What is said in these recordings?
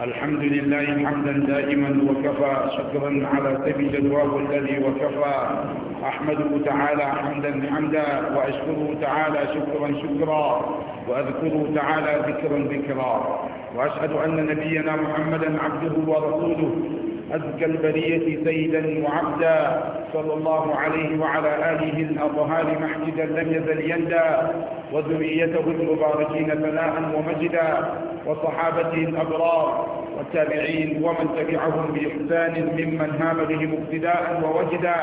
الحمد لله حمدا دائما وكفى شكرا على سبيل جدواه الذي وكفى أحمده تعالى حمدا حمدا وأشكره تعالى شكرا شكرا وأذكره تعالى ذكرا ذكرا وأشهد أن نبينا محمدا عبده ورسوله أزكى البرية سيدا وعبدا صلى الله عليه وعلى آله الأطهار محجدا لم يزل يندى وذريته المباركين ثناء ومجدا وصحابته الأبرار والتابعين ومن تبعهم بإحسان ممن هام بهم اقتداء ووجدا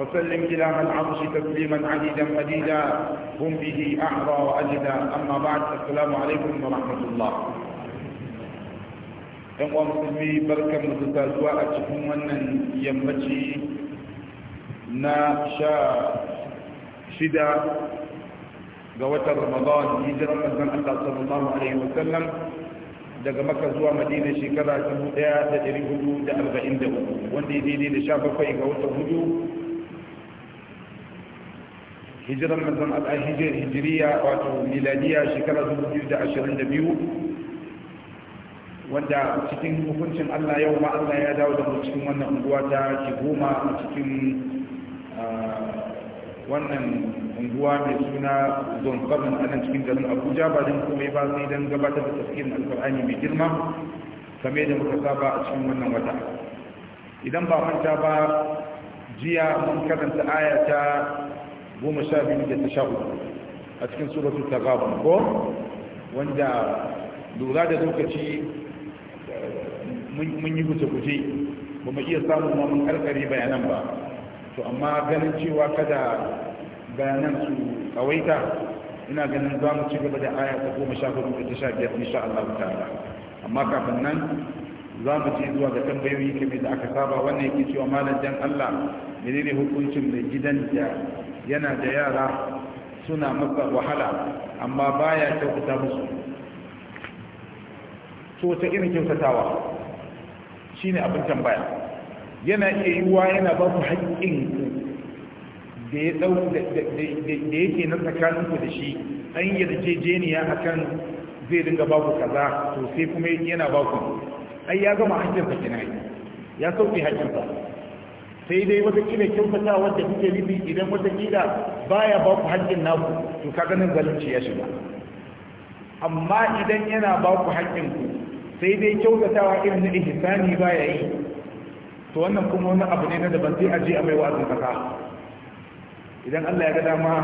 وسلم إلى من عرش تسليما عديدا مديدا هم به أحرى وأجدا أما بعد السلام عليكم ورحمة الله yan uwa musulmi barkan mu da zuwa a cikin wannan yammaci na sha shida ga watan ramadan hijirar manzon Allah sallallahu alaihi sallam daga maka zuwa madina shekara 1443 wanda ya daidai da 17 ga watan hudu hijirar manzon Allah hijiriya wato miladiya shekara 2022 wanda cikin hukuncin Allah yau ma Allah ya dawo da mu cikin wannan unguwa ta goma a cikin wannan unguwa mai suna zon kabin anan cikin garin abuja ba don komai ba sai don gabatar da tafsirin alkur'ani mai girma kame da muka saba a cikin wannan wata idan ba manta ba jiya mun karanta aya ta goma sha biyu da ta sha uku a cikin suratu ta ko wanda lura da lokaci mun yi guce guje ba mu iya samun ma mun karkari bayanan ba to amma ganin cewa kada bayanan su tsawaita ina ganin za mu ci gaba da aya ta goma sha hudu da ta sha biyar insha Allah ta'ala amma kafin nan za mu ci zuwa ga tambayoyi kamar da aka saba wannan yake cewa malam dan Allah menene hukuncin mai gidan da yana da yara suna masa wahala amma baya kyautata musu to ta irin kyautatawa ne abin tambaya yana iya yiwuwa yana ba ku haƙƙin da ya da yake na tsakaninku da shi an yi yarjejeniya akan zai dinga ba ku kaza to sai kuma yana ba ku ai ya gama haƙƙinsa yi ya sauƙi haƙƙinsa sai dai wata kila kyautata wadda kuke nufi idan wata kila baya ba ku haƙƙin naku to ka ganin zalunci ya shiga amma idan yana ba ku haƙƙinku sai dai kyautatawa irin na ihsani ba ya yi to wannan kuma wani abu ne na daban sai a je a mai wa'azin kasa idan Allah ya ga dama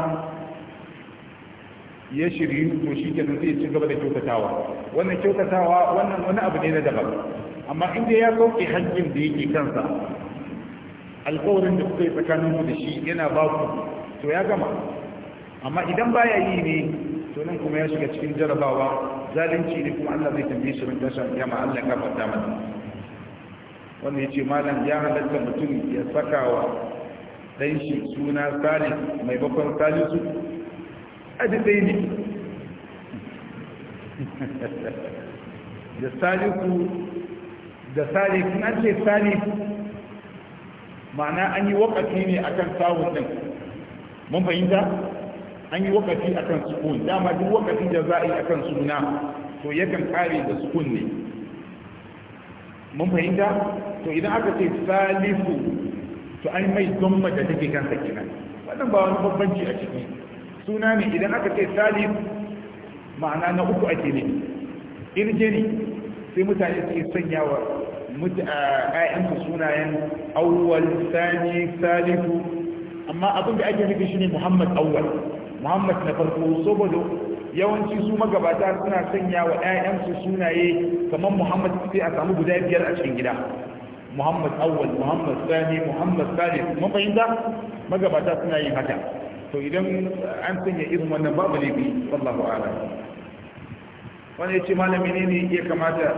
ya shiryu to shi kenan sai ya ci gaba da kyautatawa wannan kyautatawa wannan wani abu ne na daban amma inda ya sauke hakkin da yake kansa alkawarin da kuka yi tsakanin da shi yana ba ku to ya gama amma idan baya yi ne to nan kuma ya shiga cikin jarabawa zalunci ne kuma Allah zai tambaye shi rinka shan kiyama Allah ka kafarta mana wanda ya ce malam ya halatta mutum ya saka wa dan shi suna salih mai bakon salisu a dai ne da saliku da salih kun ce salih ma'ana an yi wakafi ne akan sawun din mun fahimta an yi wakati a kan sukun dama duk wakati da za a yi a kan suna to yakan kare da sukun ne mun fahimta to idan aka ce Salisu, to an mai gomma da take kansa kenan wannan ba wani babbanci a ciki suna ne idan aka ce Salisu, ma'ana na uku ake ne irje sai mutane suke yi sanya wa ƴaƴansu sunayen awwal sani Salisu, amma abin da ake nufi ne muhammad awwal muhammad na farko saboda yawanci su magabata suna sanya wa 'ya'yansu sunaye kamar muhammad sai a samu guda biyar a cikin gida muhammad awwal muhammad sani muhammad salis mun fahimta magabata suna yin haka to idan an sanya irin wannan babu ne bi, wallahu ala. wani yace malami ne ne ya kamata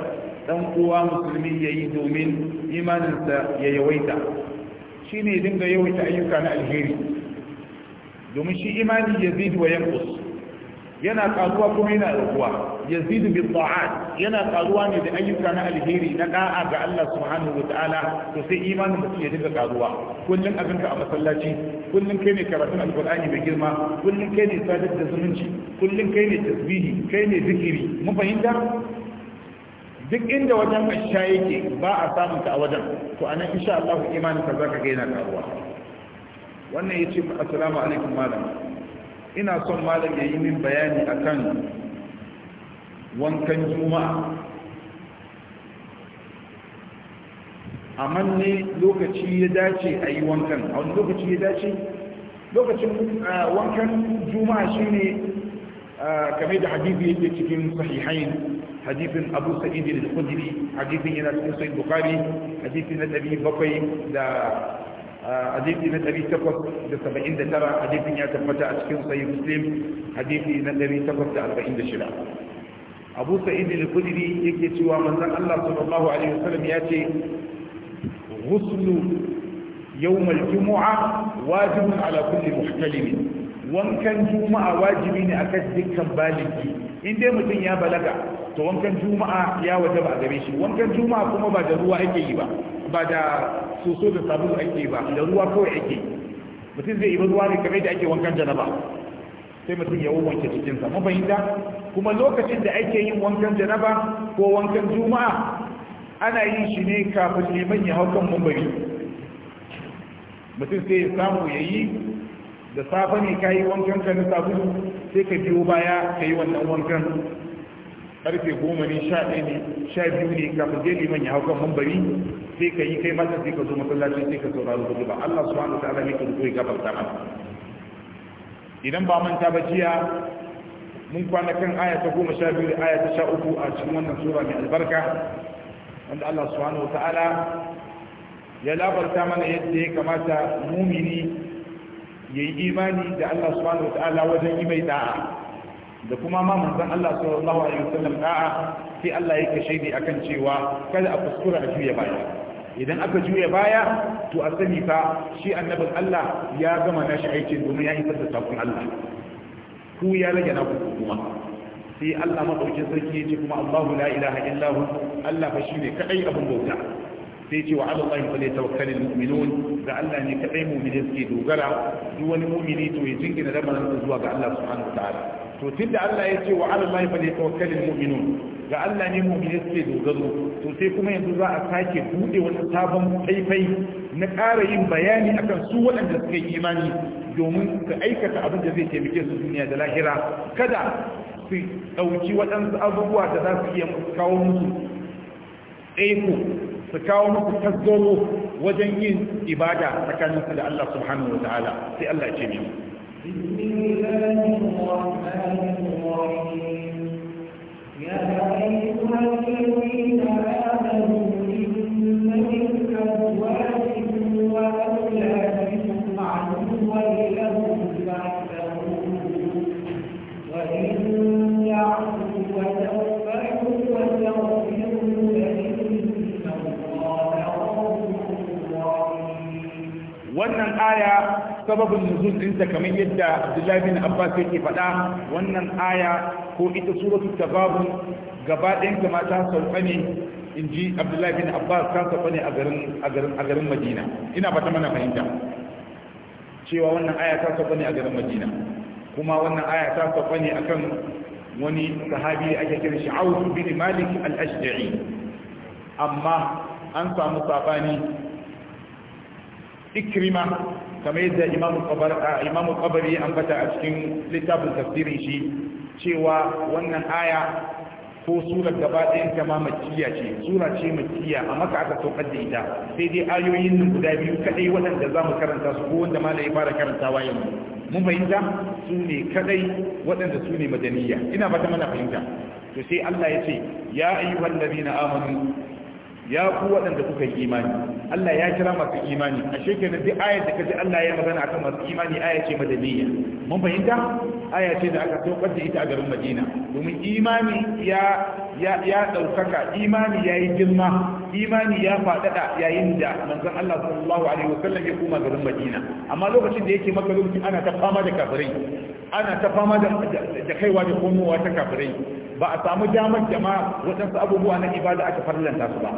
ɗan uwa musulmi ya yi domin imaninsa ya yawaita Shi shine dinga yawaita ayyuka na alheri domin shi imani yazidu wa Yankus yana karuwa kuma yana raguwa yazidu bi ta'at yana karuwa ne da ayyuka na alheri na da'a ga Allah subhanahu wataala to sai imanin mutum ya dinga karuwa kullun abin ka a masallaci kullun kai ne karatun alqur'ani mai girma kullun kai ne sadar da zumunci kullun kai ne tasbihi kai ne zikiri mun fahimta duk inda wajen asha yake ba a samunta a wajen to anan insha Allah imanin ka zaka ga yana karuwa wannan ya ce assalamu alaikum malam ina son malam ya yi min bayani akan wankan juma'a amma ne lokaci ya dace a yi wankan a wani lokaci ya dace lokacin ah, wankan juma'a shine ah, kame da hadisi yake cikin sahihain hadithin abu sa'idin da kudiri hadithin yana cikin sahih bukari hadisin na Bakwai da hadisi na 879 hadisin ya tabbata a cikin sahih muslim hadisi na 846 abu sa'id al-khudri yake cewa manzon Allah sallallahu alaihi wasallam ya ce ghuslu yawm al-jumu'a wajibun ala kulli muhtalim wankan juma'a wajibi ne akan dukkan baligi in dai mutum ya balaga to wankan juma'a ya wajaba a gare shi wankan juma'a kuma ba da ruwa yake yi ba ba da soso da sabulu ake ba da ruwa kawai ake mutum zai ibi ruwa ne kamar da ake wankan janaba sai mutum ya wanke jikinsa mun fahimta kuma lokacin da ake yin wankan janaba ko wankan juma'a ana yin shi ne kafin liman ya hau kan mumbari mutum sai ya samu ya yi da safe ne ka yi wankan ka na sabulu sai ka biyo baya ka yi wannan wankan karfe goma ne sha ɗaya ne sha biyu ne kafin zai liman ya hau kan mambari sai ka yi kai masa sai ka zo masallaci sai ka saurari hudu ba Allah subhanahu ta'ala ne ka zo ya gafarta mana idan ba manta ba jiya mun kwana kan aya ta goma sha biyu da aya ta sha uku a cikin wannan sura mai albarka wanda Allah subhanahu ta'ala ya labarta mana yadda ya kamata mumini ya yi imani da Allah subhanahu ta'ala wajen yi mai da'a da kuma ma manzon Allah sallallahu alaihi wasallam da'a sai Allah yake shaidi akan cewa kada a kuskura a juya baya idan aka juya baya to a sani fa shi annabin Allah ya gama nashi aikin domin ya yi da sakon Allah ku ya rage na ku kuma sai Allah madaukin sarki ya ce kuma Allahu la ilaha illa hu Allah fa shine kadai abin bauta sai ce wa Allah fa ne tawakkalul mu'minun da Allah ne kadai mu'mini suke dogara duk wani mu'mini to ya jingina da zuwa ga Allah subhanahu wa ta'ala to da Allah ya ce wa ala Allah fa tawakkalul mu'minun ga Allah ne mu'mini suke dogaro to sai kuma yanzu za a sake bude wani sabon faifai na ƙara yin bayani akan su waɗanda suka yi imani domin su aikata abin da zai taimake su duniya da lahira kada su ɗauki waɗansu abubuwa da za su iya kawo musu ɗaiko su kawo musu tazzoro wajen yin ibada tsakaninsu da Allah subhanahu wa ta'ala sai Allah ya ce ne الرحمن الرحيم يا أيها الذين sababin nuzul ɗinta kamar yadda abdullahi bin abbas yake faɗa wannan aya ko ita suratu tababu gaba ɗayanta ma ta sauka ne in ji abdullahi bin abbas ta sauka ne a garin madina ina fata mana fahimta cewa wannan aya ta sauka ne a garin madina kuma wannan aya ta sauka ne akan wani sahabi ake kira shi Auf bin Malik al-Ashja'i amma an samu sabani Ikrima kamar yadda imamu kabari an bata a cikin littafin tafsirin shi cewa wannan aya ko surar gaba ɗayan ta ma makiya ce sura ce makiya a maka aka saukar da ita sai dai ayoyin nan guda biyu kaɗai waɗanda za mu karanta su ko wanda ma ya fara karantawa yanzu mun fahimta su ne kaɗai waɗanda su ne madaniya ina ba ta mana fahimta to sai Allah ya ce ya ayyuhal ladina amanu ya ku waɗanda kuka yi imani Allah ya kira masu imani a shekarar duk ayar da kaji Allah ya magana akan masu imani aya ce madaniya mun fahimta aya ce da aka saukar da ita a garin Madina domin imani ya ya ya daukaka imani yayi girma imani ya faɗaɗa yayin da manzon Allah sallallahu alaihi wasallam ya koma garin Madina amma lokacin da yake maka ana ta fama da kafirai ana ta fama da kaiwa da komowa ta kafirai ba a samu damar jama'a waɗansu abubuwa na ibada aka farlanta su ba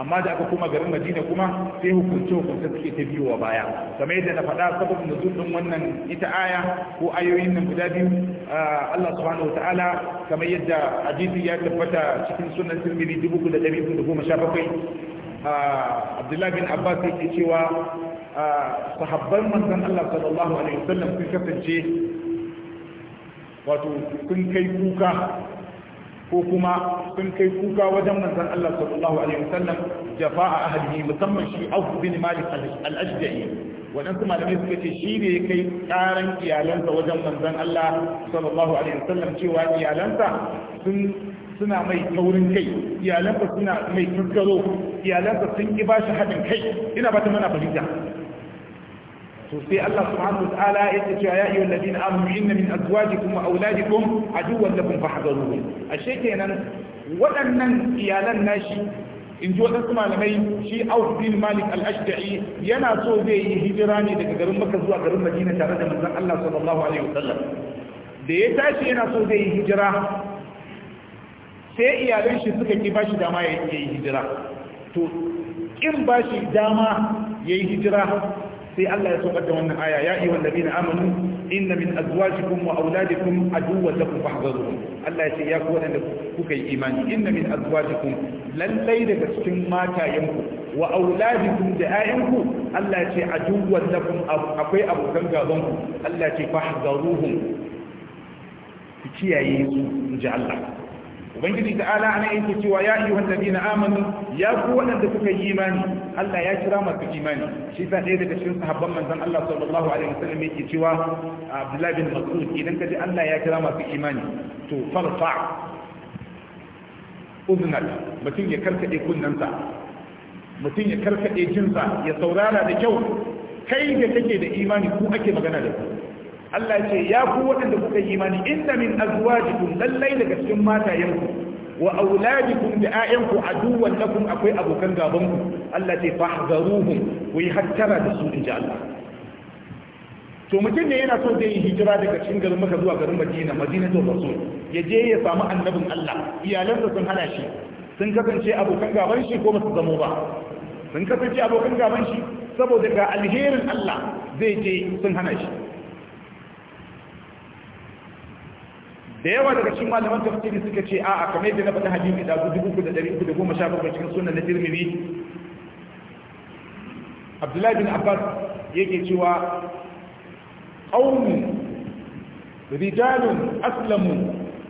amma da aka kuma garin madina kuma sai hukunce hukunce suke ta biyowa baya kamar yadda na faɗa saboda nuzul din wannan ita aya ko ayoyin nan guda biyu ah, Allah subhanahu wataala kamar yadda hadisi ya tabbata cikin sunan tirmidhi 3317 ah, Abdullah bin Abbas yake cewa ah, sahabban manzon Allah sallallahu alaihi wasallam sun kasance wato sun kai kuka ko kuma sun kai kuka wajen manzon Allah sallallahu alaihi wasallam a ahlihi musamman shi Auf bin Malik al-Ashja'i waɗansu malamai suka ce shi ne ya kai ƙaran iyalansa wajen manzon Allah sallallahu alaihi wasallam cewa iyalansa sun suna mai taurin kai iyalansa suna mai tuskaro iyalansa sun ki bashi haɗin kai ina ba ta mana fahimta to Allah subhanahu wataala yake ce ya ayyuhal ladina amanu inna min azwajikum wa auladikum aduwwan lakum fahdharuhu ashe kenan waɗannan iyalan nashi in ji waɗansu malamai shi auf bin malik al-ashda'i yana so zai yi hijira ne daga garin makka zuwa garin madina tare da manzon Allah sallallahu alaihi wasallam da ya tashi yana so zai yi hijira sai iyalan shi suka ki bashi dama ya yi hijira to kin bashi dama ya yi hijira sai Allah ya saukar da wannan aya ya ayyuhal ladina amanu inna min azwajikum wa auladikum aduwwan lakum fahdharu Allah ya ce ya ku wadanda kuka yi imani inna min azwajikum lallai daga cikin matayenku wa auladikum da ayyanku Allah ya ce aduwwan lakum akwai abokan gaban ku Allah ya ce fahdharuhum ki kiyaye su inji Allah ubangiji ta'ala ana yake cewa ya ayyuhan ladina amanu ya ku wadanda suka yi imani Allah ya kira masu imani shi sa ɗaya daga cikin sahabban manzon Allah sallallahu alaihi wasallam yake cewa Abdullah bin Mas'ud idan kaji Allah ya kira masu imani to farfa uznal mutum ya karkade kunnansa mutum ya karkade jinsa ya saurara da kyau kai da kake da imani ko ake magana da ku Allah ce ya ku waɗanda kuka yi imani inda min azwajikum lallai daga cikin matayenku wa auladikum da a aduwwan lakum akwai abokan gabanku. Allah ce fahzaruhum ku yi hattara da su inji Allah to mutum ne yana so zai yi hijira daga cikin garin Makka zuwa garin Madina to Rasul ya je ya samu annabin Allah iyalansa sun hana shi sun kasance abokan gaban shi ko basu zamo ba sun kasance abokan gaban shi saboda ga alherin Allah zai je sun hana shi da yawa daga cikin malaman tafsiri suka ce a'a kamar yadda na faɗi hadisi da da ɗari uku da goma sha bakwai cikin sunan na tirmidhi abdullahi bin abbas yake cewa qaumi rijalun aslamu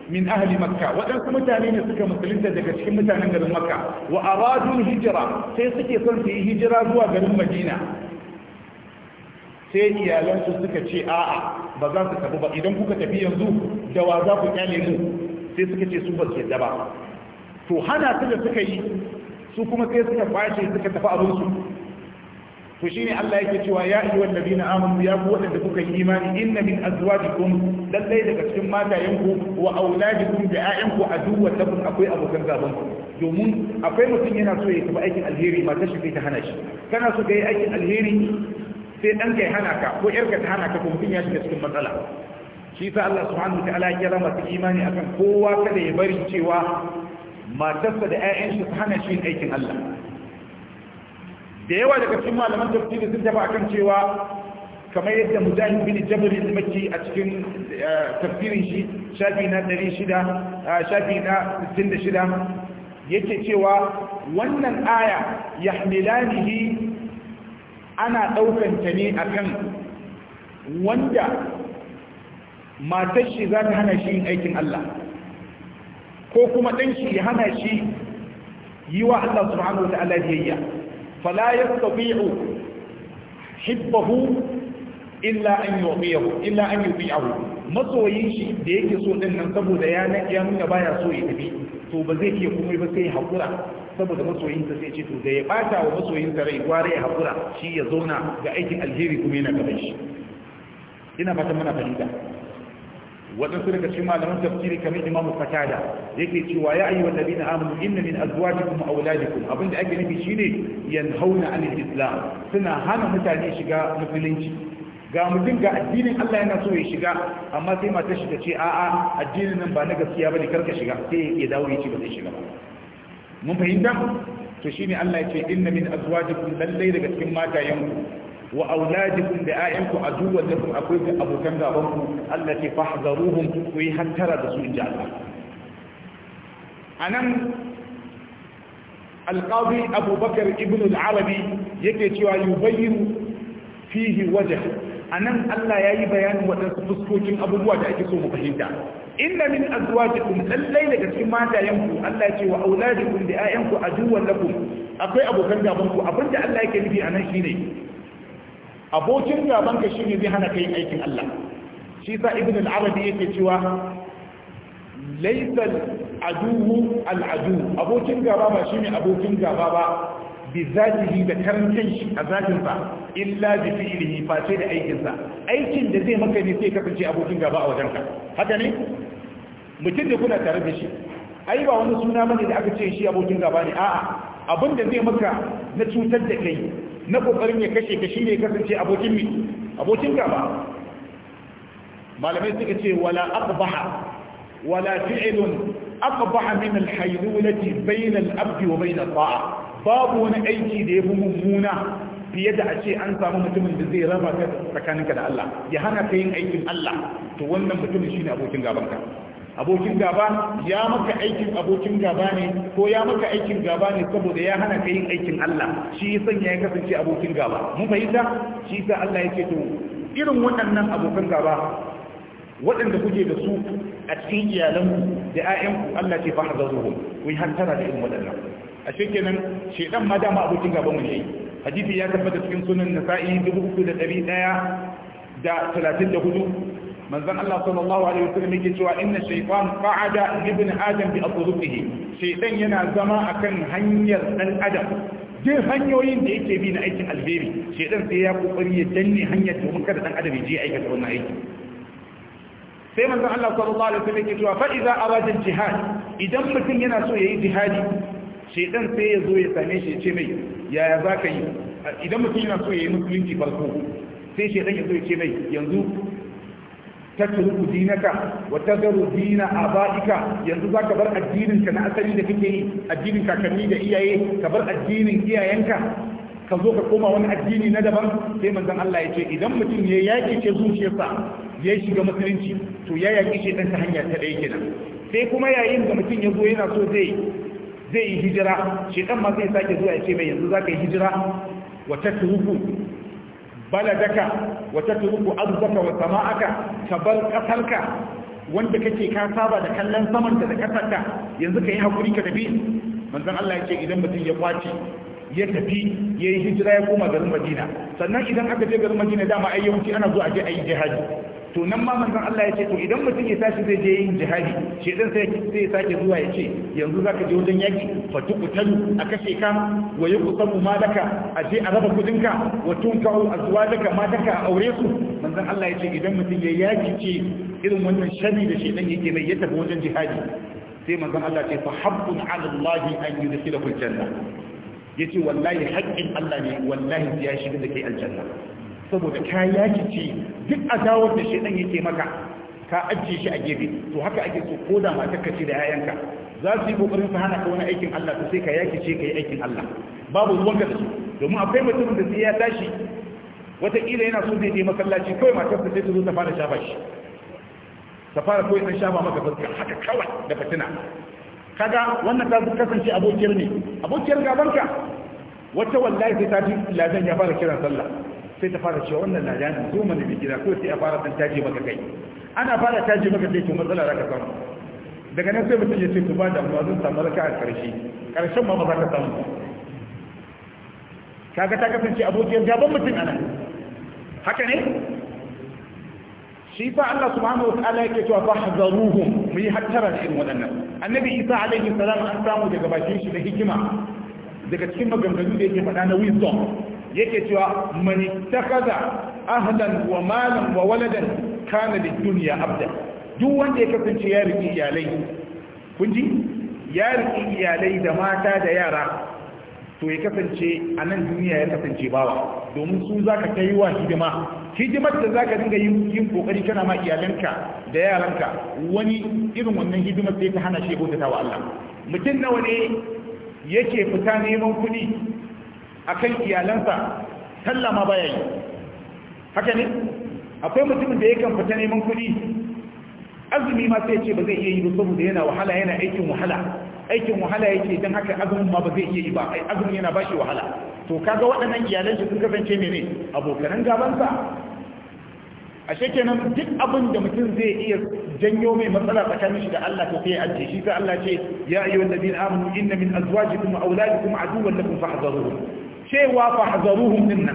min ahli makka waɗansu mutane ne suka musulunta daga cikin mutanen garin makka wa aradun hijira sai suke son su yi hijira zuwa garin madina sai iyalansu suka ce a'a ba za su tafi ba idan kuka tafi yanzu da wa za ku kyale mu sai suka ce su ba su yadda ba to hana su da suka yi su kuma sai suka kwace suka tafi abinsu to ne Allah yake cewa ya ayyuha na amanu ya fi wadanda kuka yi imani inna min azwajikum lallai daga cikin matayenku wa auladikum da ayyanku aduwwa lakum akwai abokan gaban ku domin akwai mutum yana so ya tafi aikin alheri ba ta shi ta hana shi kana so ka yi aikin alheri sai dan kai hana ka ko ƴarka ta hana ka kuma ya shiga cikin matsala shi sa Allah subhanahu ta'ala ya kira masu imani akan kowa kada ya bari cewa matarsa da ƴaƴan shi hana shi aikin Allah da yawa daga cikin malaman tafsiri sun tafi akan cewa kamar yadda mujahid bin jabir al a cikin eh, tafsirin shi shafi na 600 shafi na 66 yake cewa wannan aya yahmilanihi ana ɗaukanta ne akan wanda matashi za ta hana shi yin aikin Allah ko kuma ɗan shi ya hana shi yi wa Allah subhanahu wa ta'ala biyayya fala yastati'u hibbahu illa an yu'tiyahu illa an yu'tiyahu masoyin shi da yake so din nan saboda ya ya nuna baya so ya tafi to ba zai iya komai ba sai hakura saboda masoyinsa sai ce to da ya bata wa masoyinsa rai gware ya hakura shi ya zauna ga aikin alheri kuma yana gaban shi ina fatan muna fahimta waɗansu daga cikin malaman tafsiri kamar imamu fatada yake cewa ya ayyuhal ladina amanu inna min azwajikum wa abinda ake nufi shine yanhauna anil islam suna hana mutane shiga musulunci ga mutum ga addinin Allah yana so ya shiga amma sai matar shi ta ce a'a addinin nan ba na gaskiya bane karka shiga sai ya dawo ya ce ba zai shiga ba mun fahimta to shine Allah ya inna min azwajikum lallai daga cikin matayenku wa auladikum da ayyanku aduwwan kun akwai da abokan gaban ku Allah ce fahzaruhum ku yi hantara da su inji Allah anan alqabi abubakar ibn al-arabi yake cewa yubayyinu fihi wajh anan Allah yayi bayanin wadansu fuskokin abubuwa da ake so mu fahimta inna min azwajikum lallai daga cikin matayenku Allah ya ce wa auladikum da ayyanku aduwwan lakum akwai abokan gaban ku abinda Allah yake nufi anan shine abokin gaban ka shine zai hana kai aikin Allah shi sa ibn al-arabi yake cewa laysa al-aduwu al-adu abokin gaba ba shine abokin gaba ba bi zatihi da karantin shi a zatin sa illa bi fi'lihi fa sai da aikin sa aikin da zai maka ne sai kasance abokin gaba a wajenka haka ne mutum da kuna tare da shi ai ba wani suna mani da aka ce shi abokin gaba ne a'a abin da zai maka na cutar da kai na kokarin ya kashe ka shine kasance abokin mi abokin gaba malamai suka ce wala aqbaha wala fi'lun aqbaha min al-haydulati bayna al-abdi wa bayna ta'a babu wani aiki da yafi mummuna fiye da a ce an samu mutumin da zai raba ka tsakaninka da Allah ya hana ka yin aikin Allah to wannan mutumin shine abokin gabanka abokin gaba ya maka aikin abokin gaba ne ko ya maka aikin gaba ne saboda ya hana ka yin aikin Allah shi ya sanya ya kasance abokin gaba mun fahimta shi sa Allah yake to irin waɗannan abokan gaba waɗanda kuke da su a cikin iyalanku da ƴaƴanku Allah ce fa hazaruhum ku hantara da irin waɗannan a kenan, shedan ma dama abokin gaban mu ne hadisi ya tabbata cikin sunan nasa'i 3100 da hudu. manzon Allah sallallahu alaihi wasallam yake cewa inna shaytan qa'ada ibn adam bi atrubih shaytan yana zama akan hanyar dan adam duk hanyoyin da yake bi na aikin alheri shaytan sai ya kokari ya danne hanyar domin kada dan adam ya je aikata wannan aiki sai manzon Allah sallallahu alaihi wasallam yake cewa fa idza arada jihad idan mutum yana so yayi jihadi shaytan sai ya zo ya same shi ya ce mai yaya zaka yi idan mutum yana so yayi musulunci farko sai shaytan ya zo ya ce mai yanzu tatruku dinaka wata tadru dina a abaika yanzu zaka bar addininka na asali da kake yi addinin kakanni da iyaye ka bar addinin iyayenka ka zo ka koma wani addini na daban sai manzon Allah ya ce idan mutum ya yaƙi ce zuciyarsa ya shiga musulunci to ya yaƙi ce ta hanya ta ɗaya kenan sai kuma yayin da mutum ya zo yana so zai yi hijira shedan ma zai sake zuwa ya ce mai yanzu za ka yi hijira wata tatruku baladaka wata tatruku arzaka wa sama'aka ka bar kasarka wanda kake ka saba da kallon saman da kasarka yanzu ka yi hakuri ka tafi manzon Allah ce idan mutum ya kwace ya tafi ya yi hijira ya koma garin Madina sannan idan aka je garin Madina dama ai yawanci ana zuwa je ayi jihadi to nan ma manzon Allah ya ce to idan mutum ya tashi zai je yin jihadi shedan sai sai ya sake zuwa ya ce yanzu zaka je wajen yaki fa tuqtalu a kashe ka wa yuqtamu malaka a je a raba kudinka wa tunkau azwajaka mataka a aure su manzon Allah ya ce idan mutum ya yaki ce irin wannan shari da shedan yake mai ya tafi wajen jihadi sai manzon Allah ce fa habbun ala Allah an yudkhilahu aljanna yace wallahi haqqin Allah ne wallahi ya shiga da kai aljanna saboda ka yaki ce duk a dawar da ya yake maka ka ajiye shi a gefe to haka ake so ko da mata kace da yayanka za su yi kokarin su hana ka wani aikin Allah to sai ka yaki ce ka yi aikin Allah babu ruwan ka da su domin akwai mutum da sai ya tashi wataƙila yana so zai je masallaci kawai matar ta sai ta zo ta fara shafa shi ta fara kawai ta shafa maka fuska haka kawai da fatina kaga wannan ta kasance abokiyar ne abokiyar gabanka wata wallahi sai ta ji lazan ya fara kiran sallah sai ta fara cewa wannan ladani zo mana mai gida ko sai a fara san taje maka kai ana fara maka kai to matsala za samu daga nan sai mutum ya ce ba da amma samu raka a karshe karshen ma ba za ka samu kaga ta kasance abokiyar gaban mutum ana haka ne shi fa Allah subhanahu wataala yake cewa fahzaruhum mu yi hattara da irin waɗannan annabi Isa alaihi salam an samu daga bakin shi da hikima daga cikin maganganu da yake faɗa na wisdom yake cewa man ittakhadha ahlan wa malan wa waladan kana da dunya abda duk wanda ya kasance ya riki iyalai kun ji ya iyalai da mata da yara to ya kasance a nan duniya ya kasance bawa domin su zaka kai wa hidima hidimar da zaka dinga yin yin kokari kana ma iyalanka da yaranka wani irin wannan hidimar sai ta hana shi bautata wa Allah mutum nawa ne yake fita neman kuɗi akan iyalansa sallah ma baya yi haka ne akwai mutumin da ya kan fita neman kuɗi azumi ma sai ce ba zai iya yi ba saboda yana wahala yana aikin wahala aikin wahala yake don haka azumin ma ba zai iya yi ba ai azumin yana bashi wahala to kaga waɗannan iyalan shi sun kasance mene abokanan gabansa ashe kenan duk abin da mutum zai iya janyo mai matsala tsakanin shi da Allah to sai ajiye shi sai Allah ce ya ayyuhal ladina amanu inna min azwajikum wa auladikum aduwwan lakum fahdharuhum cewa fahzaruhum minna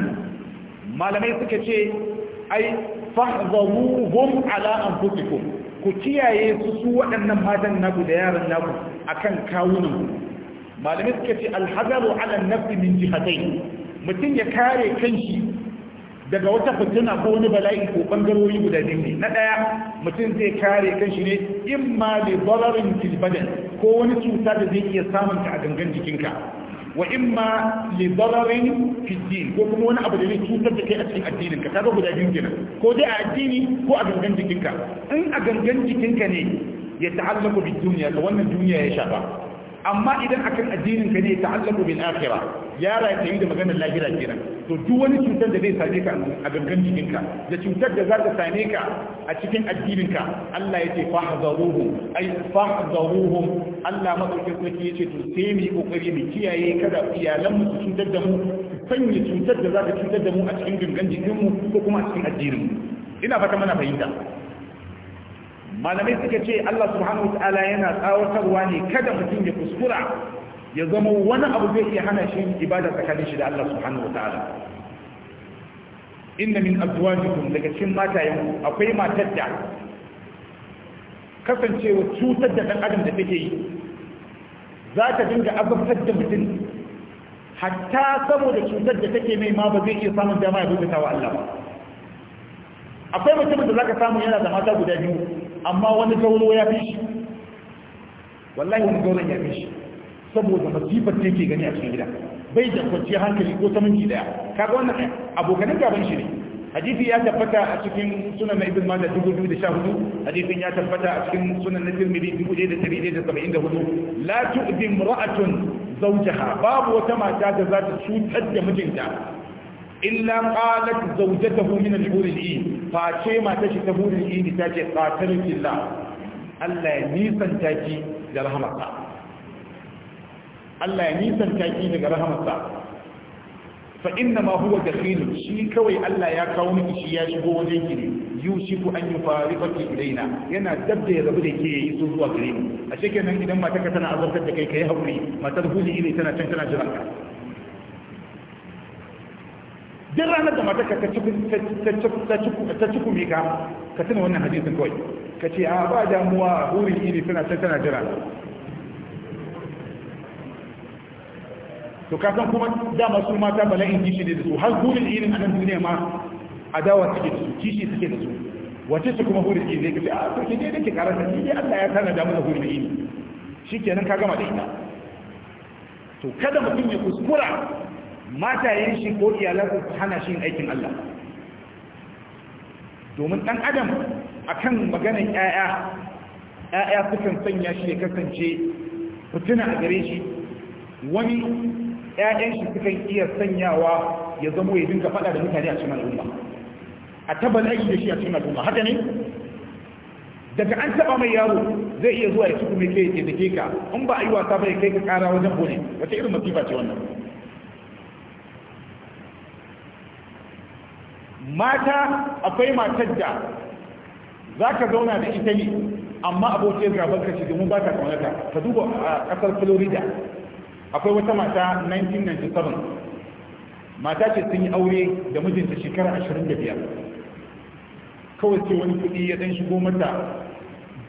malamai suka ce ai fahzaruhum ala anfusikum ku kiyaye su su waɗannan matan naku da yaran naku akan kawunan Malami suka ce alhazaru ala nafsi min jihatai mutum ya kare kanshi daga wata fitina ko wani bala'i ko bangarori guda biyu na daya mutum zai kare kanshi ne imma ma bararin fil badan ko wani cuta da zai iya samunta a gangan jikinka wa imma li dararin fi din ko kuma wani abu da zai cutar da kai a cikin addinin ka kaga guda biyu kenan ko dai a addini ko a gangan jikinka in a gangan jikinka ne ya ta'allaka bi duniya ka wannan duniya ya shafa amma idan akan addinin ka ne ta'allaqu bil akhirah ya rayu yi da maganar lahira kenan to duk wani cutar da zai same ka a gangan jikinka da cutar da za ta same ka a cikin addinin ka Allah ya ce fa fahzaruhum ai fahzaruhum Allah madaukakin sarki yace to sai mu yi kokari mu kiyaye kada iyalan mu su cutar da mu sanya cutar da za ta cutar da mu a cikin gangan jikinmu ko kuma a cikin addinin mu ina fata mana fahimta malamai suka ce Allah subhanahu wataala yana tsawatarwa ne kada mutum ya kuskura ya zama wani abu zai iya hana shi ibada tsakanin shi da Allah subhanahu wataala inna min azwajikum daga cikin matayen akwai matar da kasancewa cutar da dan adam da take yi za ta dinga azabtar da mutum hatta saboda cutar da take mai ma ba zai iya samun dama ya rubuta wa Allah ba akwai mutumin da zaka samu yana da mata guda biyu amma wani gauro ya fi shi wallahi wani gauron ya fi shi saboda masifar ta yake gani a cikin gida bai da kwanciyar hankali ko saminci daya kaga wannan abokanin gaban shi ne hadisi ya tabbata a cikin sunan na ibn majah 2014 hadisin ya tabbata a cikin sunan na tirmidhi 1174 la tu'dhi imra'atun zawjaha babu wata mata da za ta cutar da mijinta illa qalat zawjatuhu min al-hur al-ayn fa ce ta hur al-ayn ta ce qatalin billah Allah ya nisanta ki da rahamarsa Allah fa inna ma huwa dakhil shi kawai Allah ya kawo miki shi ya shigo wajen ki ne yushiku an yufarifaki ilaina yana dabda ya rabu da ke yi so zuwa gare ni idan matarka tana azabtar da kai kai haƙuri tana Din ranar da mata ta ci kumi ka ka tuna wannan hadisin kawai ka ce a ba damuwa a wurin iri tana can tana jira to ka san kuma dama su mata bala'in kishi ne da su har wurin irin a nan duniya ma adawa suke da su kishi suke da su wace su kuma wurin iri ne ka ce a to ke dai ke karar da ni Allah ya tana da mana wurin iri kenan ka gama da ita to kada mutum ya kuskura yin shi ko iyalansa su hana shi aikin Allah domin ɗan adam akan maganar ƴaƴa ƴaƴa sukan sanya shi ya kasance fitina a gare shi wani ƴaƴan shi sukan iya sanyawa ya zamo ya dinga faɗa da mutane a cikin al'umma a tabbata da shi a cikin al'umma haka ne daga an taba mai yaro zai iya zuwa ya cikin mai kai ya ka in ba a yi wasa ba ya kai ka kara wajen bone wata irin masifa ce wannan mata akwai matar da za ka zauna da ita ne amma abokin gaban ka ce domin ba ta kaunata ka duba a ƙasar florida akwai wata mata 1997 mata ce sun yi aure da mijinta shekara 25 kawai ce wani kuɗi ya ɗan shigo mata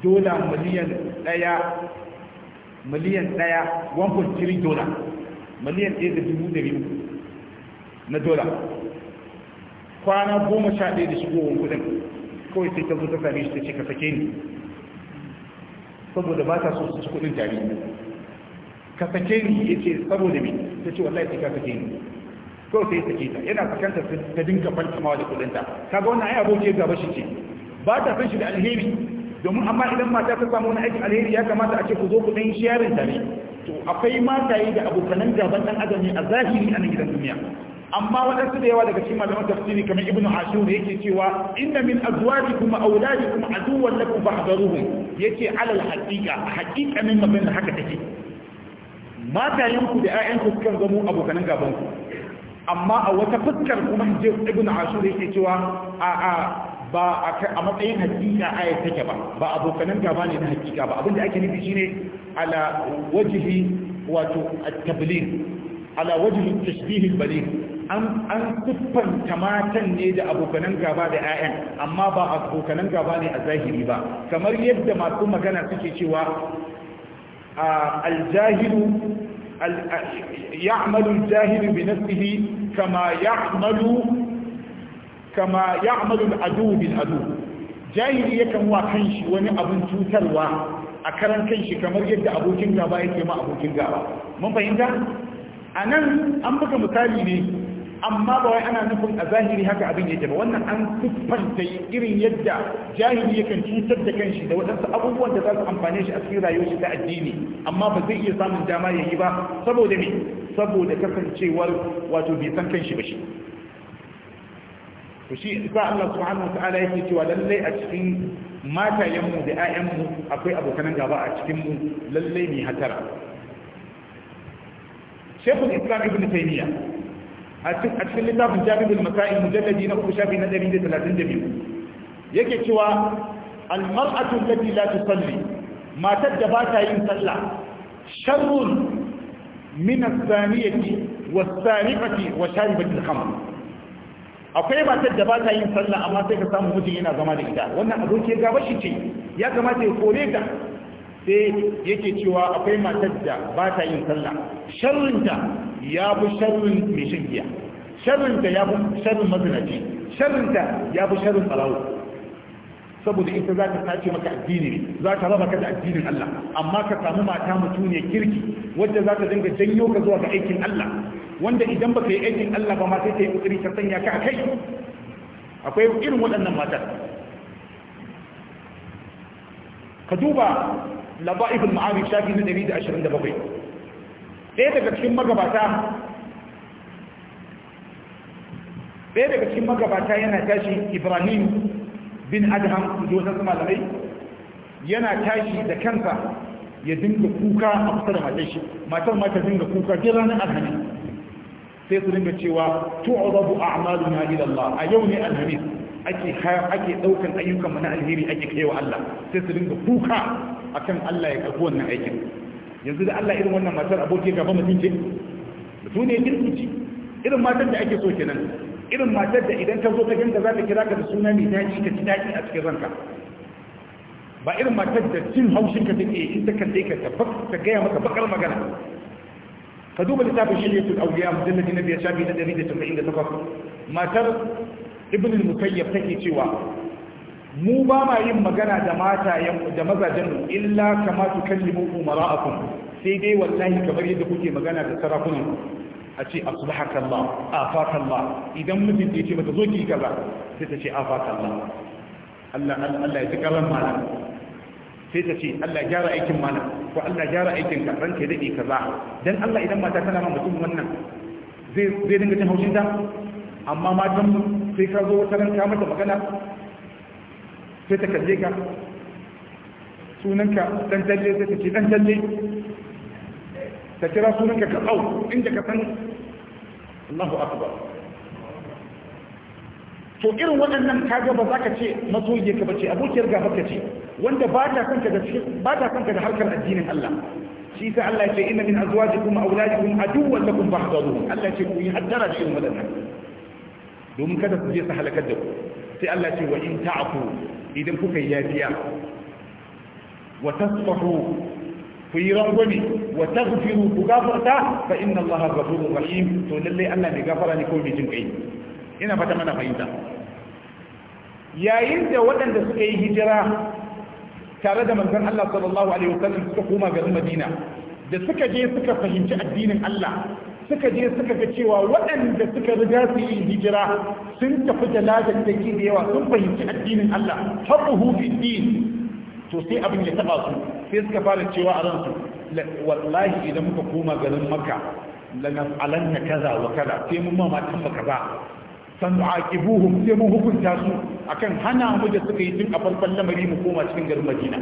dola miliyan ɗaya miliyan daya 1.3 dola miliyan ɗaya da dubu na dola kwana goma sha ɗaya da shigowar kudin kawai sai ta zo ta same shi ta ce ka sake ni saboda ba ta so su ci kudin tare ka sake ni ya ce saboda me ta ce wallahi sai ka sake ni kawai sai sake ta yana sakanta ta dinga falkamawa da kudinta kaga wannan ai aboki gaba shi ce ba ta san shi da alheri domin amma idan mata ta samu wani aikin alheri ya kamata a ce ku zo ku dan sharing tare to akwai mataye da abokanan gaban dan adam ne a zahiri a nan gidan duniya amma waɗansu da yawa daga cikin malaman tafsiri kamar ibnu ashur yake cewa inna min azwajikum wa auladikum aduwwan lakum fahdharuhum yace alal haqiqa haqiqa min magana haka take matayenku da ƴaƴanku kan zamo abokan gaban ku amma a wata fuskar kuma ibnu ashur yake cewa a a ba a matsayin hakika ayat take ba ba abokan gaba ne na hakika ba abinda ake nufi shine ala wajhi wato at-tablil ala wajhi tashbih al-balil an siffanta matan ne da abokanan gaba da 'ya'yan amma ba abokanan gaba ne a zahiri ba kamar yadda masu magana suke cewa aljahilu ya'malu aljahilu bi nafsihi kama ya'malu kama ya'malu al'adu bil adu jahiri yakan wa kanshi wani abin cutarwa a karan kanshi kamar yadda abokin gaba yake ma abokin gaba mun fahimta a nan an buga misali ne amma ba wai ana nufin a zahiri haka abin yake ba wannan an siffanta irin yadda jahili yakan cutar da kanshi da waɗansu abubuwan da za su amfane shi a cikin rayuwar shi ta addini amma ba zai iya samun dama ya yi ba saboda me saboda kasancewar wato bai san kanshi ba shi to shi isa Allah subhanahu wataala yake cewa lallai a cikin matayenmu da 'ya'yanmu akwai abokanan gaba a cikin mu lallai mai hatara Shekul Islam Ibn Taymiyyah a cikin littafin jami'ul masa'il mujalladi na uku shafi na 132 yake cewa almar'atu allati la tusalli matar da ba ta yin sallah sharrun min as-saniyati was-sariqati wa sharibati al-khamr akwai matar da ba ta yin sallah amma sai ka samu mijin yana zama da ita wannan abokin gaba shi ce ya kamata ya kore ta sai yake cewa akwai matar da ba ta yin sallah sharrinta ya fi sharrin mai shan giya sharrinta ya fi sharrin mazinaci sharrinta ya fi sharrin barawo saboda ita za ta tace maka addini ne za ta raba ka da addinin Allah amma ka samu mata mutune kirki wadda za ta dinga janyo ka zuwa ga aikin Allah wanda idan baka yi aikin Allah ba ma sai ta yi kokari ta sanya ka kai akwai irin waɗannan matar. ka duba labaifin ma'arif shafi na 127 ɗaya daga cikin magabata ɗaya daga cikin magabata yana tashi ibrahim bin adham da wasu malamai yana tashi da kansa ya dinga kuka a kusa da matar shi matar ma ta dinga kuka duk ranar alhamis sai su dinga cewa tu'rabu a'maluna ila Allah a yau ne alhamis ake ɗaukan daukan ayyukan mu na alheri ake kaiwa Allah sai su dinga kuka akan Allah ya karbi wannan aikin yanzu da Allah irin wannan matar aboki gaba mutum ce mutum ne ce. irin matar da ake so kenan irin matar da idan ka zo ta ganka za ta kira ka da suna mai daji ka ci daji a cikin ranka ba irin matar da jin haushin ka take in ta kalle ka ta gaya maka bakar magana ka duba littafin shi ne tun auliya mujalladi na biyar shafi na ɗari da tamanin da takwas matar ibn al-mukayyab take cewa mu ba ma yin magana da mata da mazajen mu illa kama su kallimu umara'akum sai dai wallahi kamar yadda kuke magana da sarakunan a ce a a asbahakallah afakallah idan mijin ya ce mata zo ki kaza sai ta ce a afakallah Allah Allah ya ji karan mana sai ta ce Allah ya gyara aikin mana ko Allah ya gyara aikin ka ranka ya dade kaza dan Allah idan mata tana ma mutum wannan zai zai dinga jin haushin ta amma matan sai ka zo wata ran ka mata magana sai ta kalle ka sunanka dan talle sai ta ce dan talle ta kira sunanka ka au inda ka san Allahu akbar to irin waɗannan kaga ba za ka ce masoyiye ka bace abokiyar gaba ka ce wanda ba ta kanka da ba ta kanka da harkar addinin Allah shi sai Allah ya ce inna min azwajikum auladikum aduwwan lakum fahdharuhum Allah ya ce ku yi haddara da irin waɗannan domin kada su je su halakar da ku sai Allah ce wa in ta'fu idan kuka yi yafiya wa tasfahu ku yi rangwani wa taghfiru ku gafarta fa inna Allah ghafurur rahim to lalle Allah ne gafara ne ko mai jin kai ina fata mana fahimta yayin da waɗanda suka yi hijira tare da manzon Allah sallallahu alaihi wasallam suka koma garin Madina da suka je suka fahimci addinin Allah suka je suka ga cewa waɗanda suka riga su yi hijira sun tafi da ladan da ke da yawa sun fahimci addinin Allah haɓuhu fi din to sai abin ya taɓa su sai suka fara cewa a ransu wallahi idan muka koma garin maka lanas'alanna kaza wa kaza sai mun ma matan maka ba san aqibuhum sai mun hukunta su akan hana mu da suka yi tun a farkon lamari mu koma cikin garin Madina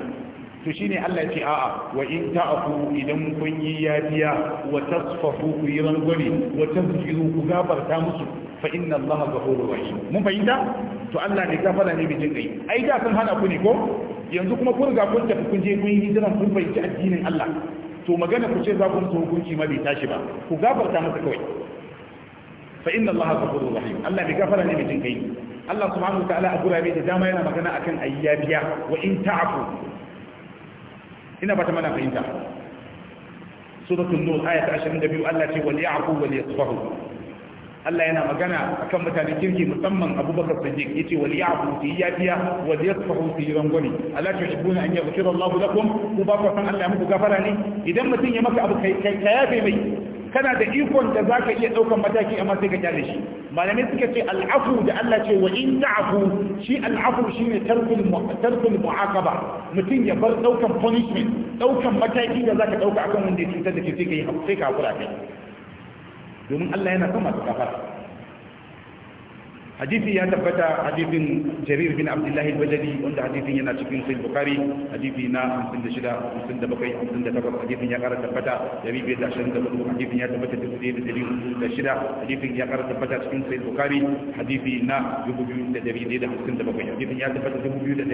to shi ne Allah ce a'a wa in ta'fu idan kun yi yafiya wa tasfahu ku yi rangwame wa tasfiru ku gafarta musu fa inna Allah ghafurur rahim mun fahimta to Allah ne gafara ne bijin kai ai da sun hana ku ne ko yanzu kuma kun riga kun tafi kun je kun yi hijiran kun fahimci addinin Allah to magana ku ce za ku mutu hukunci ma bai tashi ba ku gafarta masa kawai fa inna Allah ghafurur rahim Allah ne gafara ne bijin kai Allah subhanahu wa ta'ala a gurabe da dama yana magana akan ayyabiya wa in ta'fu ina ba ta mana fahimta suratul nur ayat 22 Allah ce wal ya'fu wal yasfahu Allah yana magana akan mutanen kirki musamman Abubakar Siddiq yace wal ya'fu fi yafiya wal yasfahu fi rangwani Allah ta shibuna an yaghfira Allah lakum ku ba ku san Allah muku gafara ne idan mutun ya maka abu kai kai yafe mai kana da ikon da za ka iya ɗaukan mataki amma sai ka kyale shi malamai suka ce al'afu da Allah ce wa in ta'afu shi al'afu shi ne tarkul mu'aqaba mutum ya bar ɗaukan punishment ɗaukan mataki da za ka ɗauka akan wanda ya cutar da ke sai ka yi sai kai domin Allah yana sama da kafara hadisi ya tabbata hadisin jarir bin abdullahi al-bajali wanda hadisin yana cikin sahih bukhari hadisi na 56 57 58 hadisin ya kara tabbata da kuma hadisin ya tabbata da da da dalil shida hadisin ya kara tabbata cikin sahih bukhari hadisi na 2257 hadisin ya tabbata 2714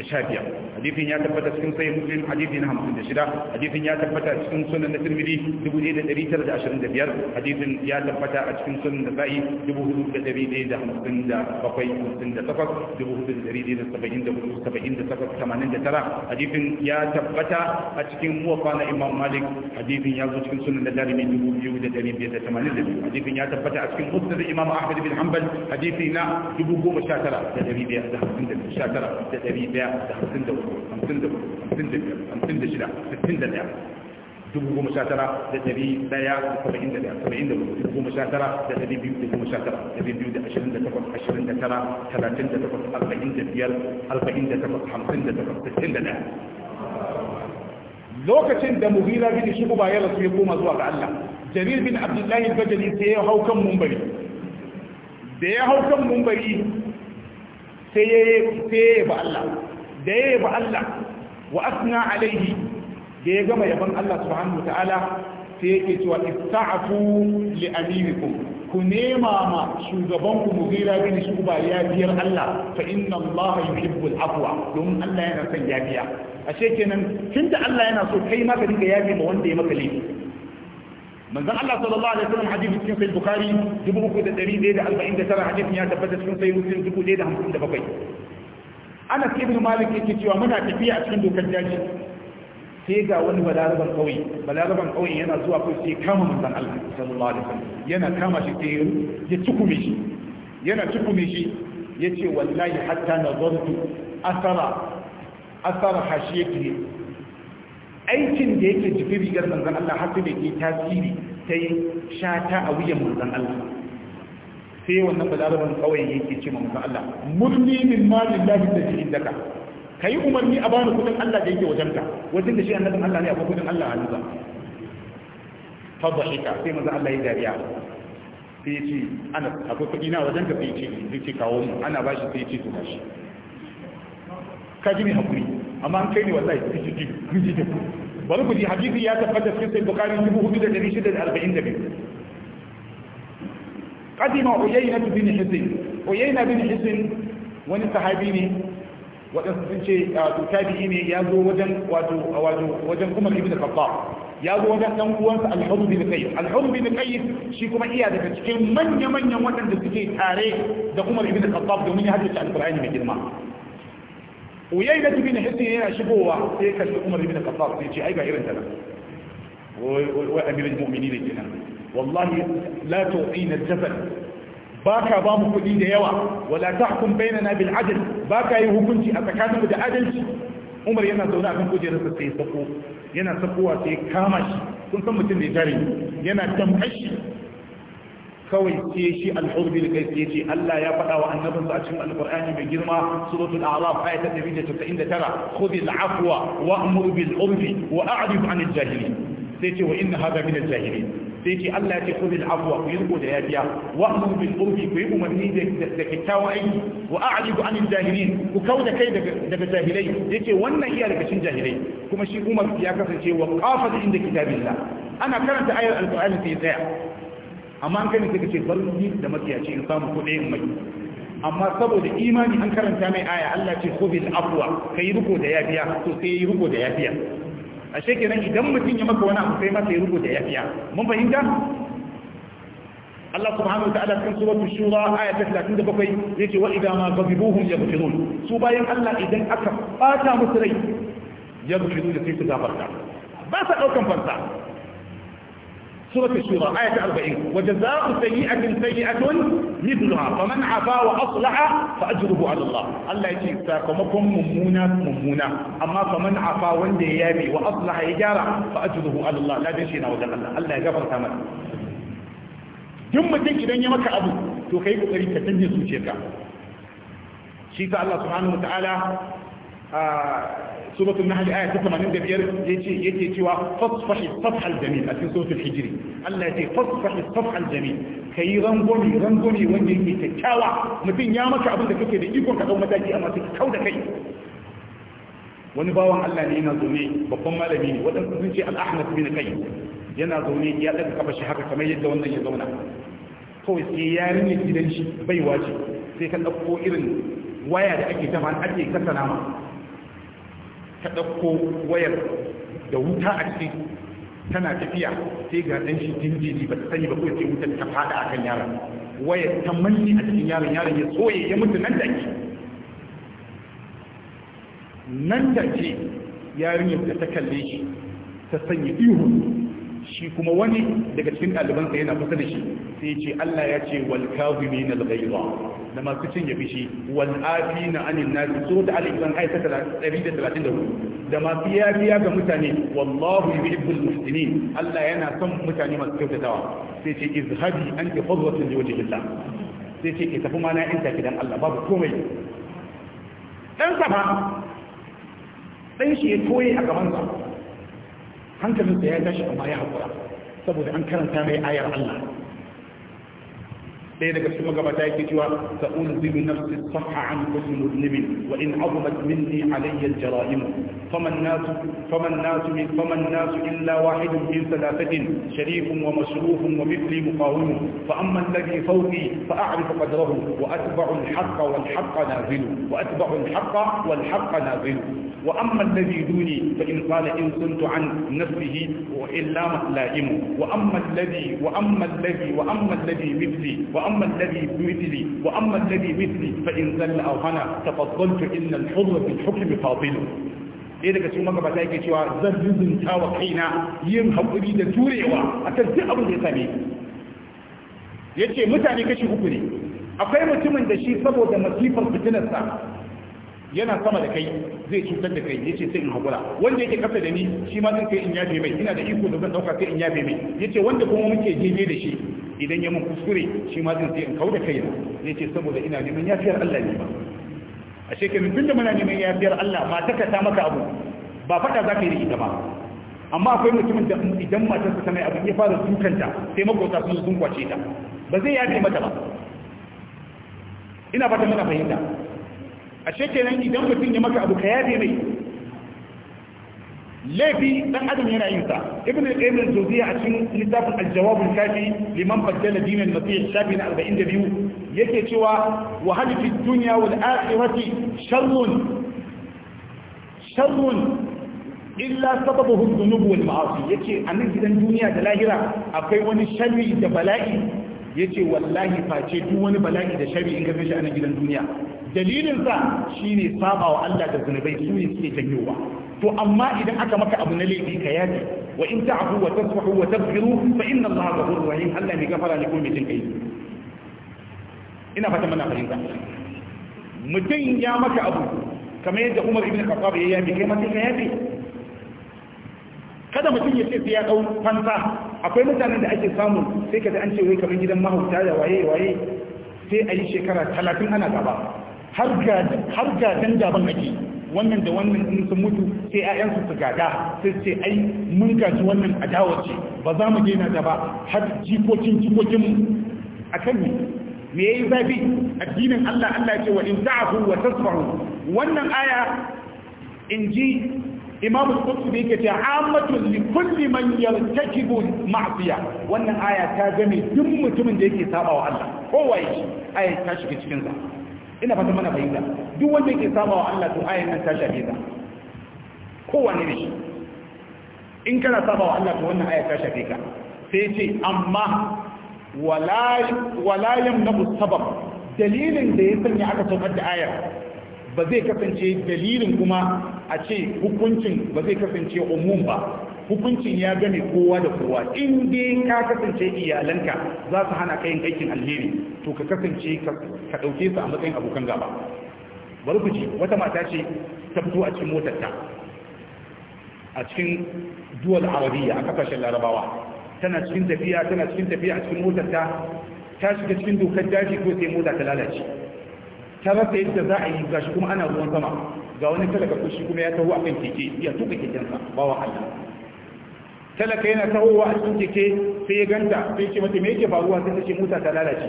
da shafiya hadisin ya tabbata cikin sahih muslim hadisi na 56 hadisin ya tabbata cikin sunan na tirmidhi 1925 hadisin ya tabbata a cikin sunan nasa'i 4000 da ɗari ɗaya da hamsin da bakwai hamsin da takwas dubu hudu da ɗari ɗaya da saba'in da hudu saba'in da takwas tamanin da tara hadisin ya tabbata a cikin muwafa na imam malik hadisin ya zo cikin sunan da darimi dubu biyu da ɗari biyar da tamanin da biyu hadisin ya tabbata a cikin musnad imam ahmad bin hanbal hadisi na dubu goma sha tara da ɗari biyar da hamsin da biyu sha tara da ɗari biyar da hamsin da hudu hamsin da hudu hamsin da biyar hamsin da shida sittin da ɗaya dubu goma sha tara da ɗari daya da saba'in da ɗaya saba'in da dubu goma sha tara da ɗari biyu da goma sha tara ɗari biyu da ashirin da takwas ashirin da tara talatin da takwas arba'in da biyar arba'in da takwas hamsin da takwas tasirin da ɗaya lokacin da muhira bin shuba ya rasu ya koma zuwa ga Allah jarir bin abdullahi bajali sai ya hau kan mumbari da ya hau kan mumbari sai ya yi ba Allah da ya yi ba Allah wa asna alaihi da ya gama yaban Allah subhanahu ta'ala sai yake cewa ista'fu li amirikum ku nema ma shugaban ku mugira bin shuba yafiyar Allah fa inna Allah yuhibbul afwa don Allah yana son yafiya ashe kenan tunda Allah yana so kai ma ka dinga yafi ma wanda ya maka laifi manzon Allah sallallahu alaihi wasallam hadisi cikin sahih bukhari 3149 hadisin ya tabbata cikin sahih muslim 1057 Anas ibn Malik yake cewa muna tafiya a cikin dokar daji sai ga wani balaraban kauye balaraban kauye yana zuwa kai sai kama manzon Allah sallallahu alaihi wasallam yana kama shi sai ya tukume shi yana tukume shi yace wallahi hatta nazartu asara asara hashiyati aikin da yake jikin rigar manzon Allah har sai da ke tasiri ta yi shata a wuyan manzon Allah sai wannan balaraban kauye yake ce manzon Allah murni min malin da jikin daka yi umarni a bani kudin Allah da yake wajenta, wajen da shi annabin Allah ne akwai kudin Allah a hannunsa Ta dhahika sai maza Allah ya dariya sai ce ana akwai kudi na wajenka sai ce sai ce kawo mu ana bashi sai ce to bashi ka ji mai hakuri amma an kai ne wallahi sai ce ji ji ji bari ku ji hadisi ya tabbata cikin sai bukari 4642 قدم عيينة بن حسن عيينة بن حسن wani sahabi ne waɗansu sun ce to tabi'i ne ya zo wajen wato wato wajen Umar ibn Khattab ya zo wajen dan uwansa Al-Hudu bin Qayyim Al-Hudu bin Qayyim shi kuma iya daga cikin manya manyan waɗanda suke tare da Umar ibn Khattab domin ya haddace Al-Qur'ani mai girma Uyayna bin Hisn yana shigowa sai kalli Umar ibn Khattab sai ce ai ga irin ta nan wai amirul mu'minin kenan wallahi la tu'ina jabal baka ba mu kuɗi da yawa wala tahkum bainana bil adl baka yi hukunci a tsakaninmu da adalci Umar yana zaune akan kujerarsa sai sako yana sakowa sai kama shi kun san mutum mai jari yana tamkar shi kawai sai shi al da kai ce Allah ya faɗa wa annabinsa a cikin alqur'ani mai girma suratul a'raf ayat 199 khudh al-afwa wa'mur bil urfi wa a'rid 'anil jahili sai ce wa inna hadha min al sai ce Allah ya ce kudin abuwa ku yi riko da yafiya wa amru bil urfi ku yi umarni da kyakkyawan aiki wa a'ridu anil jahilin ku kauda kai daga jahilai yake wannan iya daga cikin jahilai kuma shi Umar ya kasance wa qafat inda kitabillah ana karanta ayar alqur'ani sai tsaya amma an kani sai ce bar ni da makiyaci in samu kuɗi in mai amma saboda imani an karanta mai aya Allah ce khudhil afwa kai riko da yafiya to sai yi riko da yafiya ashe kenan idan mutum ya maka wani abu sai masa ya rubuta yafiya mun fahimta Allah subhanahu kan cikin suratul shura aya ta 37 yace wa idza ma ghadibuhum yaghfirun su bayan Allah idan aka bata musu rai da sai su gafarta ba sa daukan fansa سورة الشورى آية 40 وجزاء سيئة سيئة مثلها فمن عفا وأصلح فأجره على الله الله يجي ساكمكم ممونة ممونة أما فمن عفا وندي يابي وأصلح يجارة فأجره على الله لا دشينا وجل الله الله يغفر تامك جمع تنك إذن يمك أبو تو كيف قريب تتنجي سوشيكا شيء الله سبحانه وتعالى آه suratul nahl aya ta 85 yace yake cewa fasfahi safhal jamil a cikin suratul hijri Allah yace fasfahi safhal jamil kai rangwami rangwami wanda yake kyakkyawa mutum ya maka abin da kake da iko ka dau mataki amma sai kau da kai wani bawan Allah ne yana zaune babban malami ne waɗansu sun ce al-ahmad kai yana zaune ya daga kafa shi haka kamar yadda wannan ya zauna kawai sai yarinyar gidan shi baiwa ce sai irin waya da ake ta ake kasana ta ɗauko wayar da wuta a cikin tana tafiya sai ga ɗan shi jinjiri ba ta sani ba kuma sai wutar ta faɗa kan yaron wayar ta manni a cikin yaron yaron ya tsoye ya mutu nan da ke nan da ke yarinyar da ta kalle shi ta sanya ihu shi kuma wani daga cikin ɗalibansa yana kusa da shi sai ce Allah ya ce wal kazimi na zagaiwa da masu cin ya shi wal afi na anin nasi so da alifan aita 134 da masu yafiya ga mutane wallahu yuhibbul muslimin Allah yana son mutane masu kyautatawa sai ce izhabi an anti fadwatun liwajhillah sai ce ki tafi mana in take dan Allah babu komai dan safa dan shi ya toye a gaban sa hankalinsa ya tashi amma ya haƙura saboda an karanta mai ayar Allah ɗaya daga cikin magabata yake cewa ta unzilu nafsi sahha an kulli mudlimin wa in azumat minni alayya al-jara'im faman nasu faman nasu faman nasu illa wahidun min thalathatin sharifun wa masrufun wa mithli muqawim fa amma alladhi fawqi fa a'rifu qadrahu wa atba'u al-haqqa wal haqqa nazilu wa atba'u al-haqqa wal haqqa nazilu wa amma alladhi duni fa in qala in kuntu an nafsihi wa illa matlaimu wa amma alladhi wa amma alladhi wa amma alladhi mithli wa وأما الذي بمثلي وأما الذي مثلي فإن زل أو هنا تفضلت إن الحر في الحكم فاضل daga cikin magabata yake cewa zan zumunta wa kaina yin haƙuri da turewa a kan duk abin da ya same ya ce mutane kashi uku ne akwai mutumin da shi saboda masifar fitinarsa yana sama da kai zai cutar da kai yace sai in hakura wanda yake kasa da ni shi ma zan kai in yafe mai ina da iko da zan dauka sai in yafe mai yace wanda kuma muke jeje da shi idan ya mun kuskure shi ma zan sai in kauda kai yace saboda ina neman yafiyar Allah ne ba ashe kenan da muna neman yafiyar Allah ma taka ta maka abu ba fada zaka yi da ita ba amma akwai mutumin da idan matarsa ta mai abu ya fara tukanta sai magota sun sun kwace ta ba zai yafe mata ba ina fata muna fahimta a kenan idan mutum ya maka abu ka yabe mai laifi dan adam yana yin sa ibn qayyim al-jawziyya a cikin littafin al-jawab al-kafi liman baddala din al-masih shafi na 42 yake cewa wa hal fi dunya wal akhirati sharrun sharrun illa sababuhu dhunub wal ma'asi yace a nan gidan duniya da lahira akwai wani sharri da bala'i Ya ce wallahi face duk wani bala'i da shari'i in ka gashi a nan gidan duniya dalilin sa shine saba wa Allah da zunubai su ne suke janyowa to amma idan aka maka abu na laifi ka yaji wa in ta'fu wa tasfahu wa taghfiru fa inna Allah ghafurur rahim Allah ne gafara ne ko mai jin kai ina fata mana fahimta mutum ya maka abu kamar yadda Umar ibn Khattab ya yabi kai ma sai ka yabi kada mutum ya ce sai ya dau akwai mutanen da ake samu sai kada an ce wai kamar gidan mahauta da waye waye sai a yi shekara talatin ana gaba har ga dan gaban ake wannan da wannan in sun mutu sai 'ya'yansu su gada sai ce ai mun gaji wannan adawar ce ba za mu daina da ba har jikokin jikokin mu akan ne me yayi zafi addinin Allah Allah ce wa in ta'fu wa tasfahu wannan aya in ji imam al-qurtubi yake ce ammatun li kulli man yartakibu ma'siya wannan aya ta game duk mutumin da yake saba wa Allah kowa aya ta shiga cikin sa ina fata mana bayyana duk wanda yake saba wa Allah to ayan nan ta shafe sa kowa ne shi in kana saba wa Allah to wannan aya ta shafe ka sai ce amma wala wala yamnabu sabab dalilin da ya sanya aka saukar da ayar ba zai kasance dalilin kuma a ce hukuncin ba zai kasance umum ba hukuncin ya gane kowa da kowa in dai ka kasance iyalanka za su hana kayan aikin alheri to ka kasance ka ɗauke su a matsayin abokan gaba bari ku ji wata mata ce ta fito a cikin motar ta a cikin duwal arabiya a kasashen larabawa tana cikin tafiya tana cikin tafiya a cikin motar ta ta shiga cikin dokar daji ko sai mota ta lalace ta rasa yadda za a yi gashi kuma ana ruwan sama ga wani talaka ko shi kuma ya taho akan keke ya tuka kekensa ba wa Allah talaka yana tahowa a cikin keke sai ya ganta sai ce mata me yake faruwa sai ta ce mota ta lalace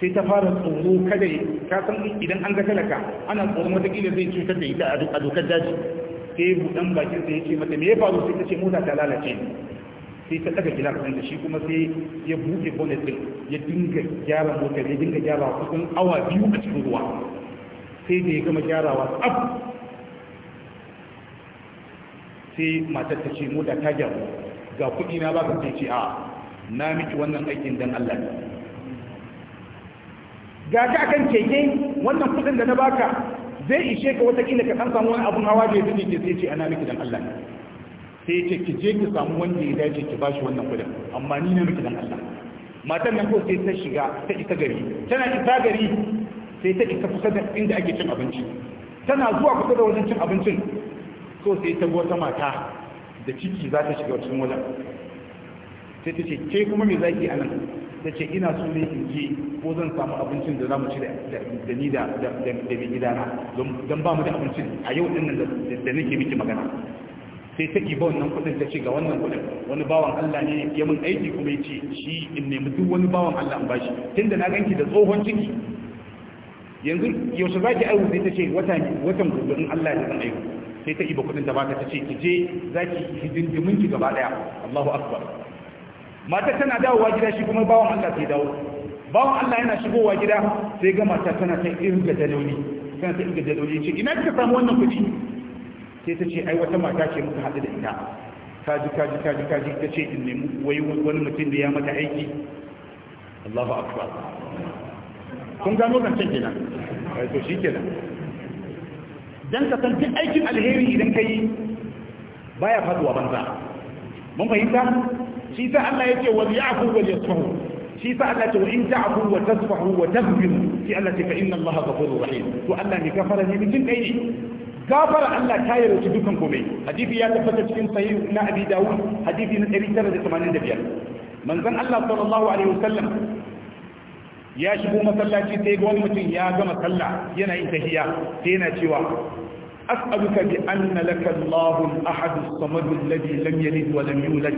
sai ta fara tsoro kada ka san idan an ga talaka ana tsoron watakila zai cutar da ita a dokar daji sai budan bakin sai ya ce mata me ya faru sai ta ce mota ta lalace sai ta daga gilas ɗin da shi kuma sai ya buɗe bonnet ɗin ya dinga gyara motar ya dinga gyara kusan awa biyu a cikin ruwa sai da ya gama gyarawa tsab. sai matar ta ce mota ta gyaru ga kuɗi na ba ka sai ce a na miki wannan aikin dan Allah ne ga ka akan keke wannan kuɗin da na baka zai ishe ka wata kila ka san samu wani abun hawa da ya ke sai ce ana miki dan Allah ne sai ce ki je ki samu wanda ya dace ki bashi wannan kudin amma ni ne miki dan Allah matan nan ko sai ta shiga ta isa gari tana isa gari sai ta ita kusa da inda ake cin abinci tana zuwa kusa da wajen cin abincin so sai ta wata mata da ciki za ta shiga cikin wajen sai ta ce ke kuma me zaki a nan ta ce ina so ne in je ko zan samu abincin da za mu ci da ni da mai gidana don ba mu da abincin a yau din nan da nake miki magana sai ta ɗiba wannan kuɗin ta ce ga wannan kuɗin wani bawan Allah ne ya mun aiki kuma ya ce shi in nemi duk wani bawan Allah in bashi tunda na ganki da tsohon ciki yanzu yaushe za ki aihu sai ta ce watan gobe in Allah ya zan aiwu sai ta ɗiba kuɗin ta baka ta ce ki je za ki hidindimin ki gaba ɗaya Allahu akbar matar tana dawowa gida shi kuma bawan Allah sai dawo bawan Allah yana shigowa gida sai ga mata tana ta irga daloli tana ta irga daloli ce ina kika samu wannan kuɗi sai ta ce ai wata mata ce muka haɗu da ita kaji kaji kaji kaji ta ce in nemi wai wani mutum da ya mata aiki Allahu akbar kun gano zancen kenan to shi kenan dan ka san duk aikin alheri idan kai baya faduwa banza mun fahimta shi sa Allah yake wal ya'fu wal yasfahu shi sa Allah ce wa in ta'fu wa tasfahu wa taghfiru shi Allah ta fa inna Allah ghafurur rahim to Allah ne ka fara ne mutum kai gafara Allah ta yarda dukan komai hadisi ya tabbata cikin sahih na Abi Dawud hadisi na 985 manzon Allah sallallahu alaihi wasallam ya shigo masallaci sai ga wani mutum ya gama sallah yana yin tahiyya sai yana cewa as'aluka bi anna laka Allahu al-ahad as-samad alladhi lam yalid wa lam yulad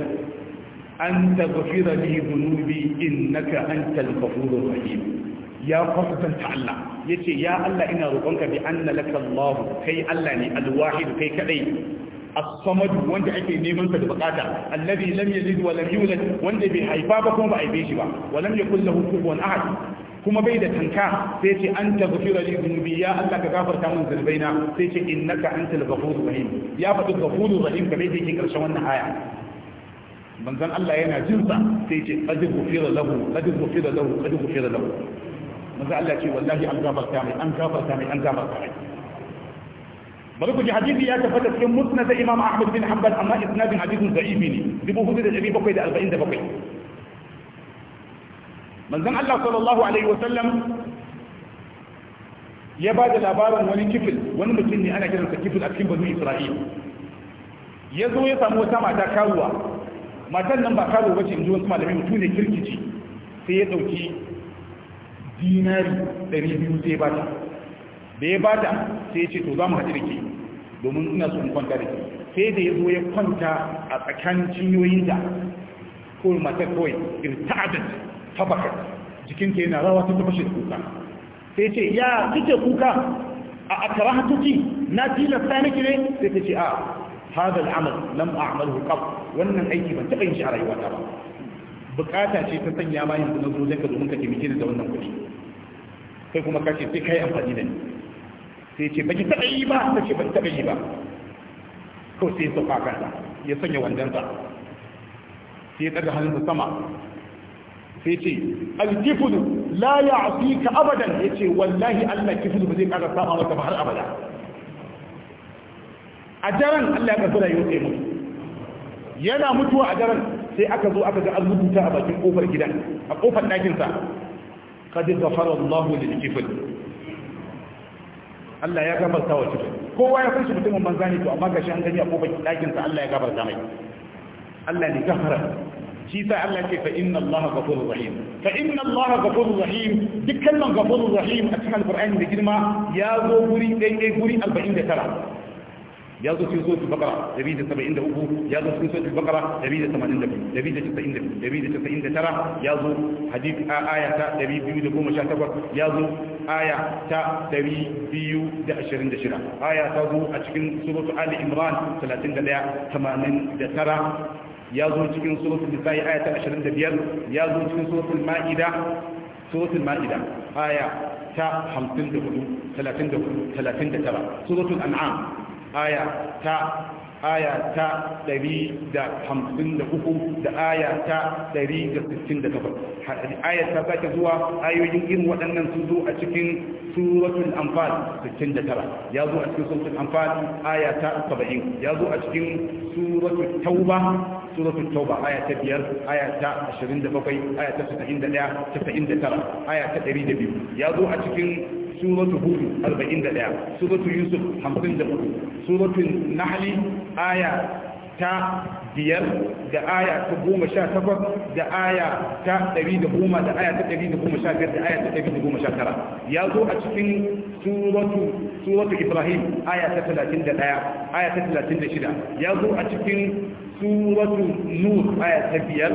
an taghfira li dhunubi innaka antal ghafurur rahim ya kwatanta Allah ya ce ya Allah ina roƙonka bi an na laka Allahu kai Allah ne alwahid kai kadai as-samad wanda ake neman ka da bukata allazi lam yalid wa lam yulad wanda bai haifa ba kuma ba aibe shi ba wa lam yakul lahu kufuwan ahad kuma bai da tanka sai ce an tagfira li dhunubi ya Allah ka gafarta min zunubaina sai ce innaka antal ghafurur rahim ya faɗi ghafurur rahim kamar yadda yake karshen wannan aya manzon Allah yana jinsa sai ce qad ghufira lahu qad ghufira lahu qad ghufira lahu manzo Allah ce wallahi an gafarta mai an gafarta mai an gafarta mai bari ku ji hadisi ya tabbata cikin musnad da Imam Ahmad bin Hanbal amma isnadin hadisin da'ifi ne dubu hudu da ɗari bakwai da arba'in da bakwai manzon Allah sallallahu alaihi wa sallam ya ba da labarin wani kifil wani mutum ne ana kiransa kifil a cikin banu Isra'il ya zo ya samu wata mata karuwa matan nan ba karuwa bace in ji wasu malamai mutum ne kirkici sai ya ɗauki dinari 200 zai bata da ya bata sai ce to za mu haɗu da ke domin ina son kwanta da ke sai da ya zo ya kwanta a tsakanin cinyoyinta ko matar kawai irta'adat tabakar jikinta yana rawa ta fashe da kuka sai ce ya kike kuka a akrahatuki na tilasta miki ne sai ta ce a hadal amal lam a'malhu qab wannan aiki ban taɓa yin shi a rayuwata ba bukata ce ta sanya ma yanzu na zo daga domin ka taimake ni da wannan kuɗi kai kuma kace sai kai amfani da ni sai ce baki taɓa yi ba ta ce baki taɓa yi ba ko sai ya sauka kansa ya sanya wandonsa sai ya ɗaga hannunsa sama sai ce alkifulu la ya ka abadan ya ce wallahi allah kifulu ba zai ƙara sama wata ba har abada a daren allah ya ƙarfi yau sai mutu yana mutuwa a daren sai aka zo aka ga an rubuta a bakin kofar gidan a kofar ɗakinsa qad ghafara Allahu lil Allah ya gafarta wa kifl kowa ya kunshi mutumin manzani to amma gashi an gani a kofar dakin Allah ya gafarta mai Allah ne gafara shi sa Allah ke fa inna Allah ghafurur rahim fa inna Allah ghafurur rahim duk kalman ghafurur rahim a cikin alqur'ani da girma ya zo guri dai dai guri 49 ya zo cikin sotu bakara 173 ya zo cikin sotu bakara casa'in da tara ya zo hadith a aya ta takwas ya zo aya ta shida aya ta zo a cikin suratu ali imran da tara ya zo cikin suratul nisa'i aya ta biyar ya zo cikin suratul ma'ida suratul ma'ida aya ta 54 34 39 suratul an'am aya ta aya ta 153 da aya ta 168 aya ta sake zuwa ayoyin irin waɗannan sun zo a cikin suratul anfal 69 ya zo a cikin suratul anfal aya ta 70 ya zo a cikin suratul tauba suratul tauba aya ta 5 aya ta 27 aya ta 91 99 aya ta 102 ya zo a cikin suratu hudu arba'in da ɗaya suratu yusuf hamsin da hudu suratu Nahali aya ta biyar da aya ta goma sha takwas da aya ta ɗari da goma da aya ta ɗari da goma sha biyar da aya ta ɗari da goma sha tara ya zo a cikin suratu ibrahim aya ta talatin da ɗaya aya ta talatin da shida ya zo a cikin suratu nur aya ta biyar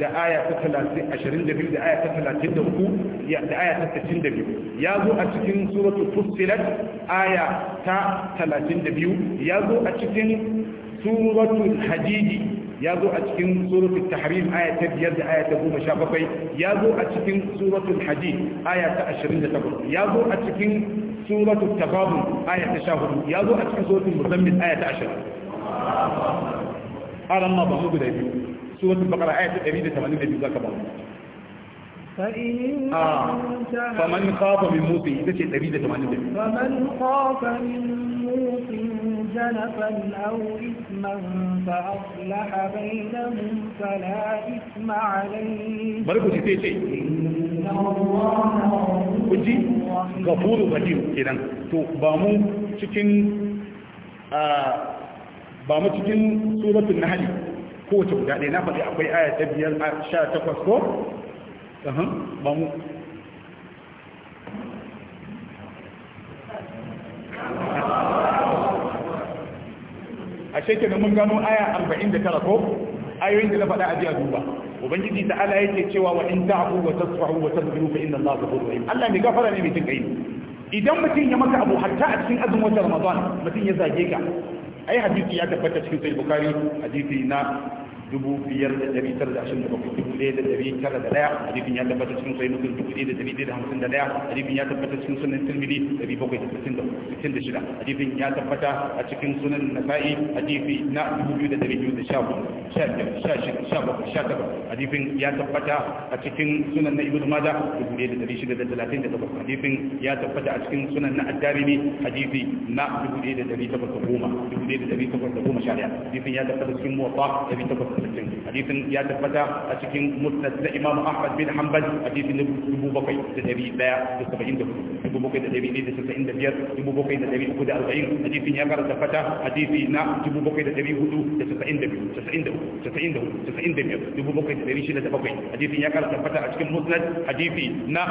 da aya ta talatin ashirin da biyu da aya ta talatin da uku da aya ta talatin da biyu ya zo a cikin suratu fussilat aya ta talatin da biyu ya zo a cikin suratu hajiji ya zo a cikin suratul tahrim aya ta biyar da aya ta goma sha bakwai ya zo a cikin suratu hadid aya ta ashirin da takwas ya zo a cikin suratu tafabun aya ta sha hudu ya zo a cikin suratul musammin aya ta ashirin aran ma ba mu guda biyu suratul baqara ayat 182 zaka ba mu فمن خاف من موت إذا شيء تريد ثمانية دم فمن خاف من موت جنفا أو إثما فأصلح بينهم فلا إثم عليه بركو شيء شيء كجي غفور غفير كده تو بامو شكين آه ba mu cikin suratul nahl kowace guda ɗaya na faɗi akwai aya ta biyar a sha takwas ko? ba mu a shekin mun gano aya arba'in da tara ko ayoyin da na faɗa a jiya duba ubangiji ta ala yake cewa wa in ta'abu wa tasfahu wa tasbihu fa inna allaha ghafurur rahim Allah ne gafara ne mai jin kai idan mutum ya maka abu hatta a cikin azumin watan ramadan mutum ya zage ka ai hadisi ya tabbata cikin sahih bukhari hadisi na dubu biyar da dari tara da ashirin da bakwai dubu ɗaya da dari tara da ɗaya hadifin ya tabbata cikin sai nufin dubu ɗaya da dari ɗaya da hamsin da ɗaya hadifin ya tabbata cikin sunan tirmidhi dari bakwai da sittin da da shida hadifin ya tabbata a cikin sunan nasa'i hadifi na dubu biyu da dari biyu da sha sha biyar sha shida sha bakwai sha takwas hadifin ya tabbata a cikin sunan na ibnu maza dubu ɗaya da dari shida da talatin da takwas hadifin ya tabbata a cikin sunan na addarimi hadifi na dubu ɗaya da dari takwas da goma dubu ɗaya da dari takwas da goma sha ɗaya hadifin ya tabbata cikin muwafa dari takwas 60 hadisin ya tabbata a cikin musnad da Imam Ahmad bin Hanbal hadisin ya kara tabbata hadisi na hadisin ya kara tabbata a cikin hadisi na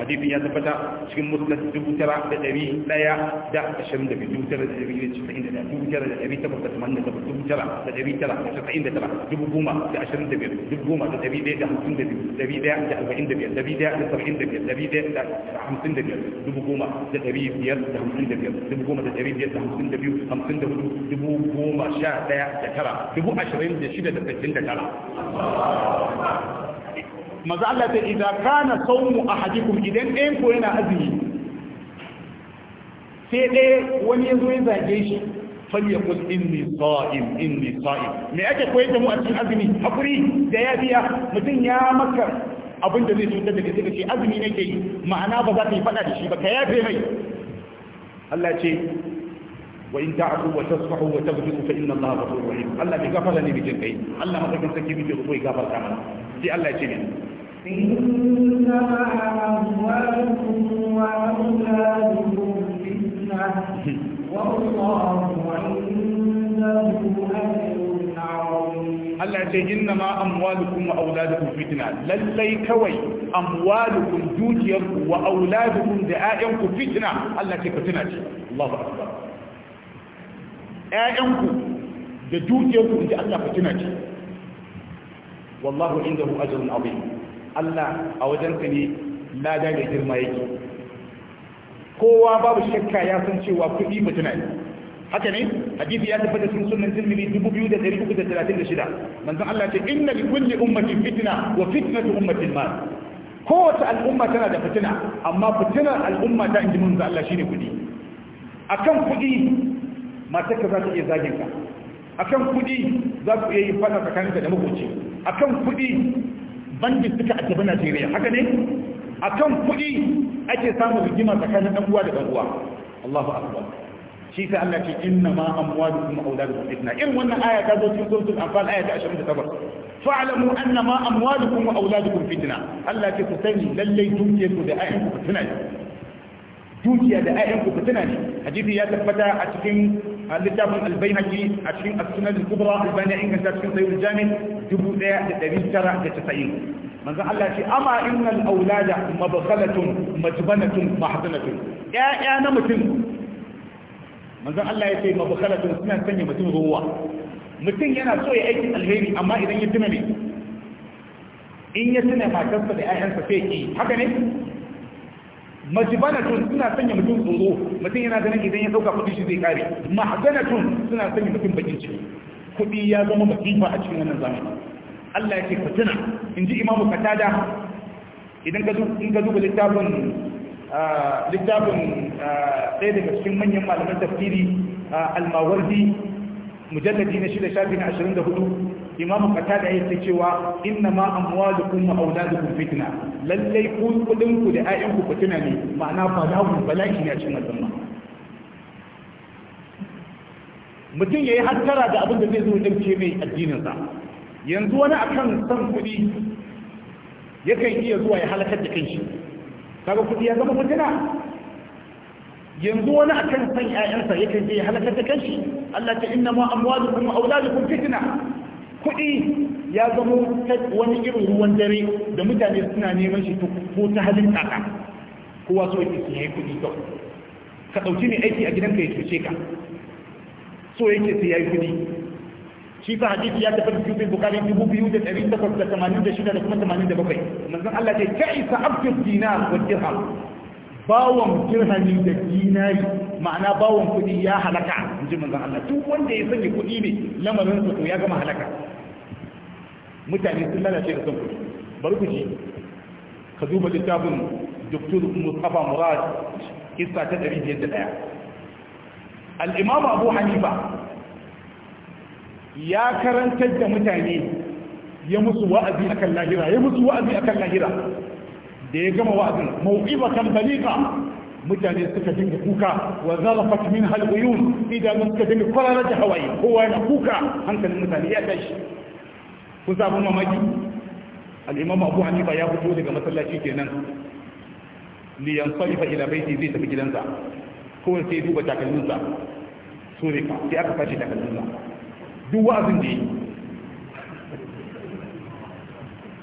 hadisin ya na fata cikin musnad dubu tara da ɗari ɗaya da ashirin da biyu dubu tara da ɗari casa'in da ɗaya dubu tara da ɗari takwas da tamanin da takwas dubu tara da ɗari tara da casa'in da tara dubu goma da ashirin da biyar dubu goma da ɗari ɗaya da hamsin da biyu ɗari ɗaya da arba'in da biyar ɗari ɗaya da saba'in da biyar ɗari ɗaya da hamsin da biyar dubu goma da ɗari biyar da hamsin da biyar dubu goma da ɗari biyar da hamsin da biyu hamsin da hudu dubu goma sha ɗaya da tara dubu ashirin da shida da sittin da tara Maza Allah ta idan kana a ahadikum idan ɗayan ko yana azumi sai ɗaya wani ya zo ya zage shi falyakul inni sa'im inni sa'im me ake koyar da mu a cikin azumi hakuri da ya biya mutum ya maka abin da zai cutar da kai sai azumi nake yi ma'ana ba za ka yi faɗa da shi ba ka yafe mai Allah ce wa in ta'fu wa tasfahu wa taghfiru fa inna Allah ghafurur rahim Allah bai gafara ne bijin kai Allah madakin saki bijin kai gafarta mana sai Allah ya ce ne Allah ce inna ma amwalukum wa auladukum fitna lallai kawai amwalukum dukiyarku wa auladukum da ayyanku fitna Allah ce ka tuna ce Allahu akbar ayyanku da dukiyarku da Allah ka tuna ce wallahu indahu ajrun azim Allah a wajensa ne lada da girma yake kowa babu shakka ya san cewa kuɗi mutuna ne haka ne hadisi ya tabbata sun sunan tirmidhi 2336 manzon Allah ce inna li kulli ummatin fitna wa fitnatu ummatin mal kowace al'umma tana da fitina amma fitinar al'umma ta inji manzon Allah shine kuɗi akan kuɗi matarka za ta iya zagin ka akan kuɗi za ku iya yin fata tsakaninka da makoci akan kuɗi bandit suka a tabi najeriya haka ne a kan kuɗi ake samun rigima tsakanin ɗan uwa da ɗan uwa allahu akbar shi sai allah ce inna ma amwalukum auladukum fitna irin wannan aya ta zo cikin suratul anfal aya ta 27 fa'alamu annama amwalukum wa auladukum fitna Allah ke ku sani lallai dukiyar ku da ayyan ku fitina ne dukiya da ayyan ku fitina ne hadisi ya tabbata a cikin littafin albayhaqi a cikin as-sunan al-kubra albani ya inganta cikin dubu da sayyid al-jami' 1990 manzo Allah ce amma innal aulada mabkhalatun majbanatun mahzanatun ya'ya na mutum manzo Allah ya ce mabkhalatun suna sanya mutum ruwa mutum yana so ya aikin alheri amma idan ya tuna ne in ya tuna matarsa da 'ya'yansa sai ki haka ne tun suna sanya mutum tsoro mutum yana ganin idan ya sauka kudi shi zai kare mahzanatun suna sanya mutum bakin ciki kudi ya zama masifa a cikin wannan zamani Allah yake fitina in ji imamu katada idan ka in ka duba littafin littafin ɗaya daga cikin manyan malaman tafsiri al-mawardi mujalladi na shida shafi na ashirin da hudu imam qatada yake cewa inna ma amwalukum wa auladukum fitna lalle ku kudin ku da ayyan ku fitina ne ma'ana ba bala'u bala'i ne a cikin al'umma mutum yayi hattara da abin da zai zo dauke mai addinin sa yanzu wani akan san kudi yakan iya zuwa ya halakar da kanshi kaga kudi ya zama fitina yanzu wani akan san ƴaƴansa yakan ya halakar da kanshi Allah ta inna ma amwalukum wa auladukum fitna kuɗi ya zama wani irin ruwan dare da mutane suna neman shi ko ta halin kaka kowa so yake su yayi kuɗi kawai ka ɗauki mai aiki a gidanka ya cuce ka so yake su yayi kuɗi shi sa hadisi ya tafi biyu bin bukari dubu biyu da ɗari takwas da tamanin da shida da kuma tamanin da bakwai manzon Allah ce ka isa abdul dinar wa dirham bawon dirhami da dinari ma'ana bawon kuɗi ya halaka ji manzon Allah duk wanda ya sanya kuɗi ne lamarin su ya gama halaka mutane sun lalace da son kuɗi bari ku ji ka duba littafin Dr. Mustafa Murad kissa ta ɗari biyar da ɗaya. al-Imam Abu Hanifa ya karantar da mutane ya musu wa'azi akan lahira ya musu wa'azi akan lahira da ya gama wa'azin mau'iba kan balika mutane suka dinga kuka wa zarafat min haluyun idan suka dinga kwararar da hawaye kowa yana kuka hankalin mutane ya tashi kun sabon mamaki al'imam abu hanifa ya fito daga masallaci kenan liyan sarifa ila baiti zai tafi gidansa kowai sai duba takalminsa so ne sai aka fashe takalminsa duk wa'azin da yi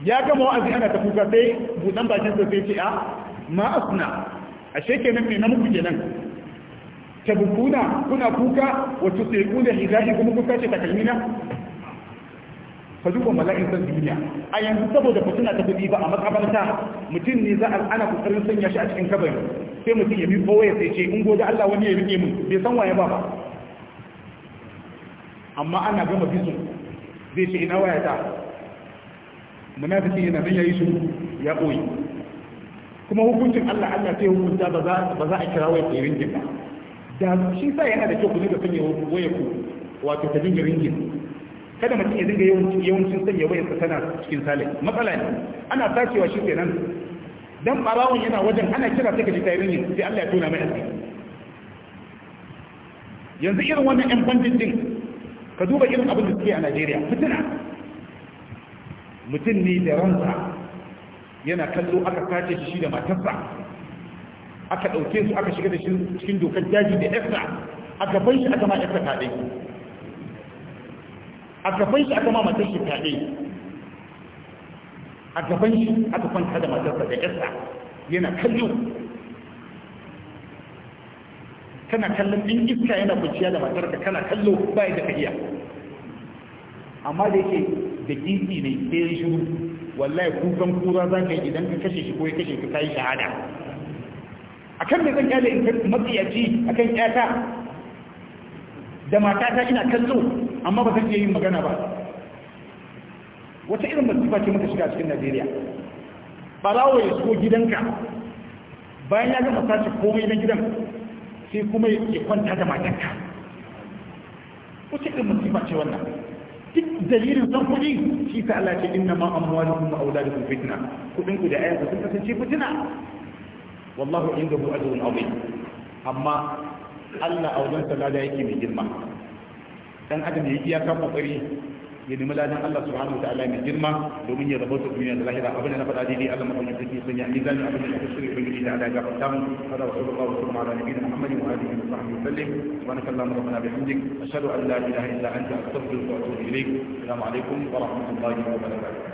ya gama wa'azi ana ta kuka sai buɗan bakin sai ce a ah, ma ashe kenan me na muku kenan tabukuna kuna kuka wato sai da hidahi kuma kuka ce takalmina ka duba mala'in san duniya a yanzu saboda fitina ta kudi ba a makabarta mutum ne za a ana kokarin sanya shi a cikin kabari sai mutum ya bi waya sai ce in gode Allah wani ya rike mun bai san waye ba ba amma ana gama bisu zai ce ina waya ta munafiki yana nan yayi shi ya koyi kuma hukuncin Allah Allah sai hukunta ba za a kira waya ringin ba da shi sa yana da kyau ku dinga sanya waya ku wato ta dinga ringin kada mutum ya dinga yawancin sanya waya sa tana cikin sale matsala ne ana tashewa shi kenan dan barawon yana wajen ana kira sai ka ji tayirin sai Allah ya tona mai asiri yanzu irin wannan yan bandit din ka duba irin abin da suke a Najeriya fitina mutum ne da ransa yana kallo aka sace shi da matarsa aka ɗauke su aka shiga da shi cikin dokar daji da yarsa aka bai shi aka ma yarsa kaɗai a gaban shi aka ma matar shi kaɗai a gaban shi aka kwanta da matarsa da yarsa yana kallo kana kallon ɗin iska yana kwanciya da matarka kana kallo bai da kahiya amma da yake da gidi ne sai shiru wallahi kukan kura za ka yi idan ka kashe shi ko ya kashe ka yi shahada a kan da zan kyale in kan matsiyaci a kan 'yata. da matata ina kallo amma ba zan iya yin magana ba wata irin masifa ce muka shiga cikin najeriya ɓarawo ya shigo gidanka bayan ya gama sace komai na gidan sai kuma ya kwanta da matanka wata irin masifa ce wannan duk dalilin san kuɗi shi ta Allah ce inna ma amwalukum wa auladukum fitna kuɗin ku da ayyukan sun kasance fitina wallahu indahu ajrun azim amma Allah a wajen salada yake mai girma dan adam ya yi iyaka kokari ya nemi ladan Allah subhanahu wataala mai girma domin ya rabauta duniya da lahira abin da na faɗa daidai Allah madaukakin sarki sun yi mizani abin da ya kashe ubangiji da ala ya gafarta mu hada wa sallallahu alaihi wa sallam ala nabiyina Muhammadin wa alihi wa sahbihi sallim subhanaka allahumma rabbana ashhadu an la ilaha illa anta astaghfiruka wa atubu ilaik assalamu alaikum wa rahmatullahi wa barakatuh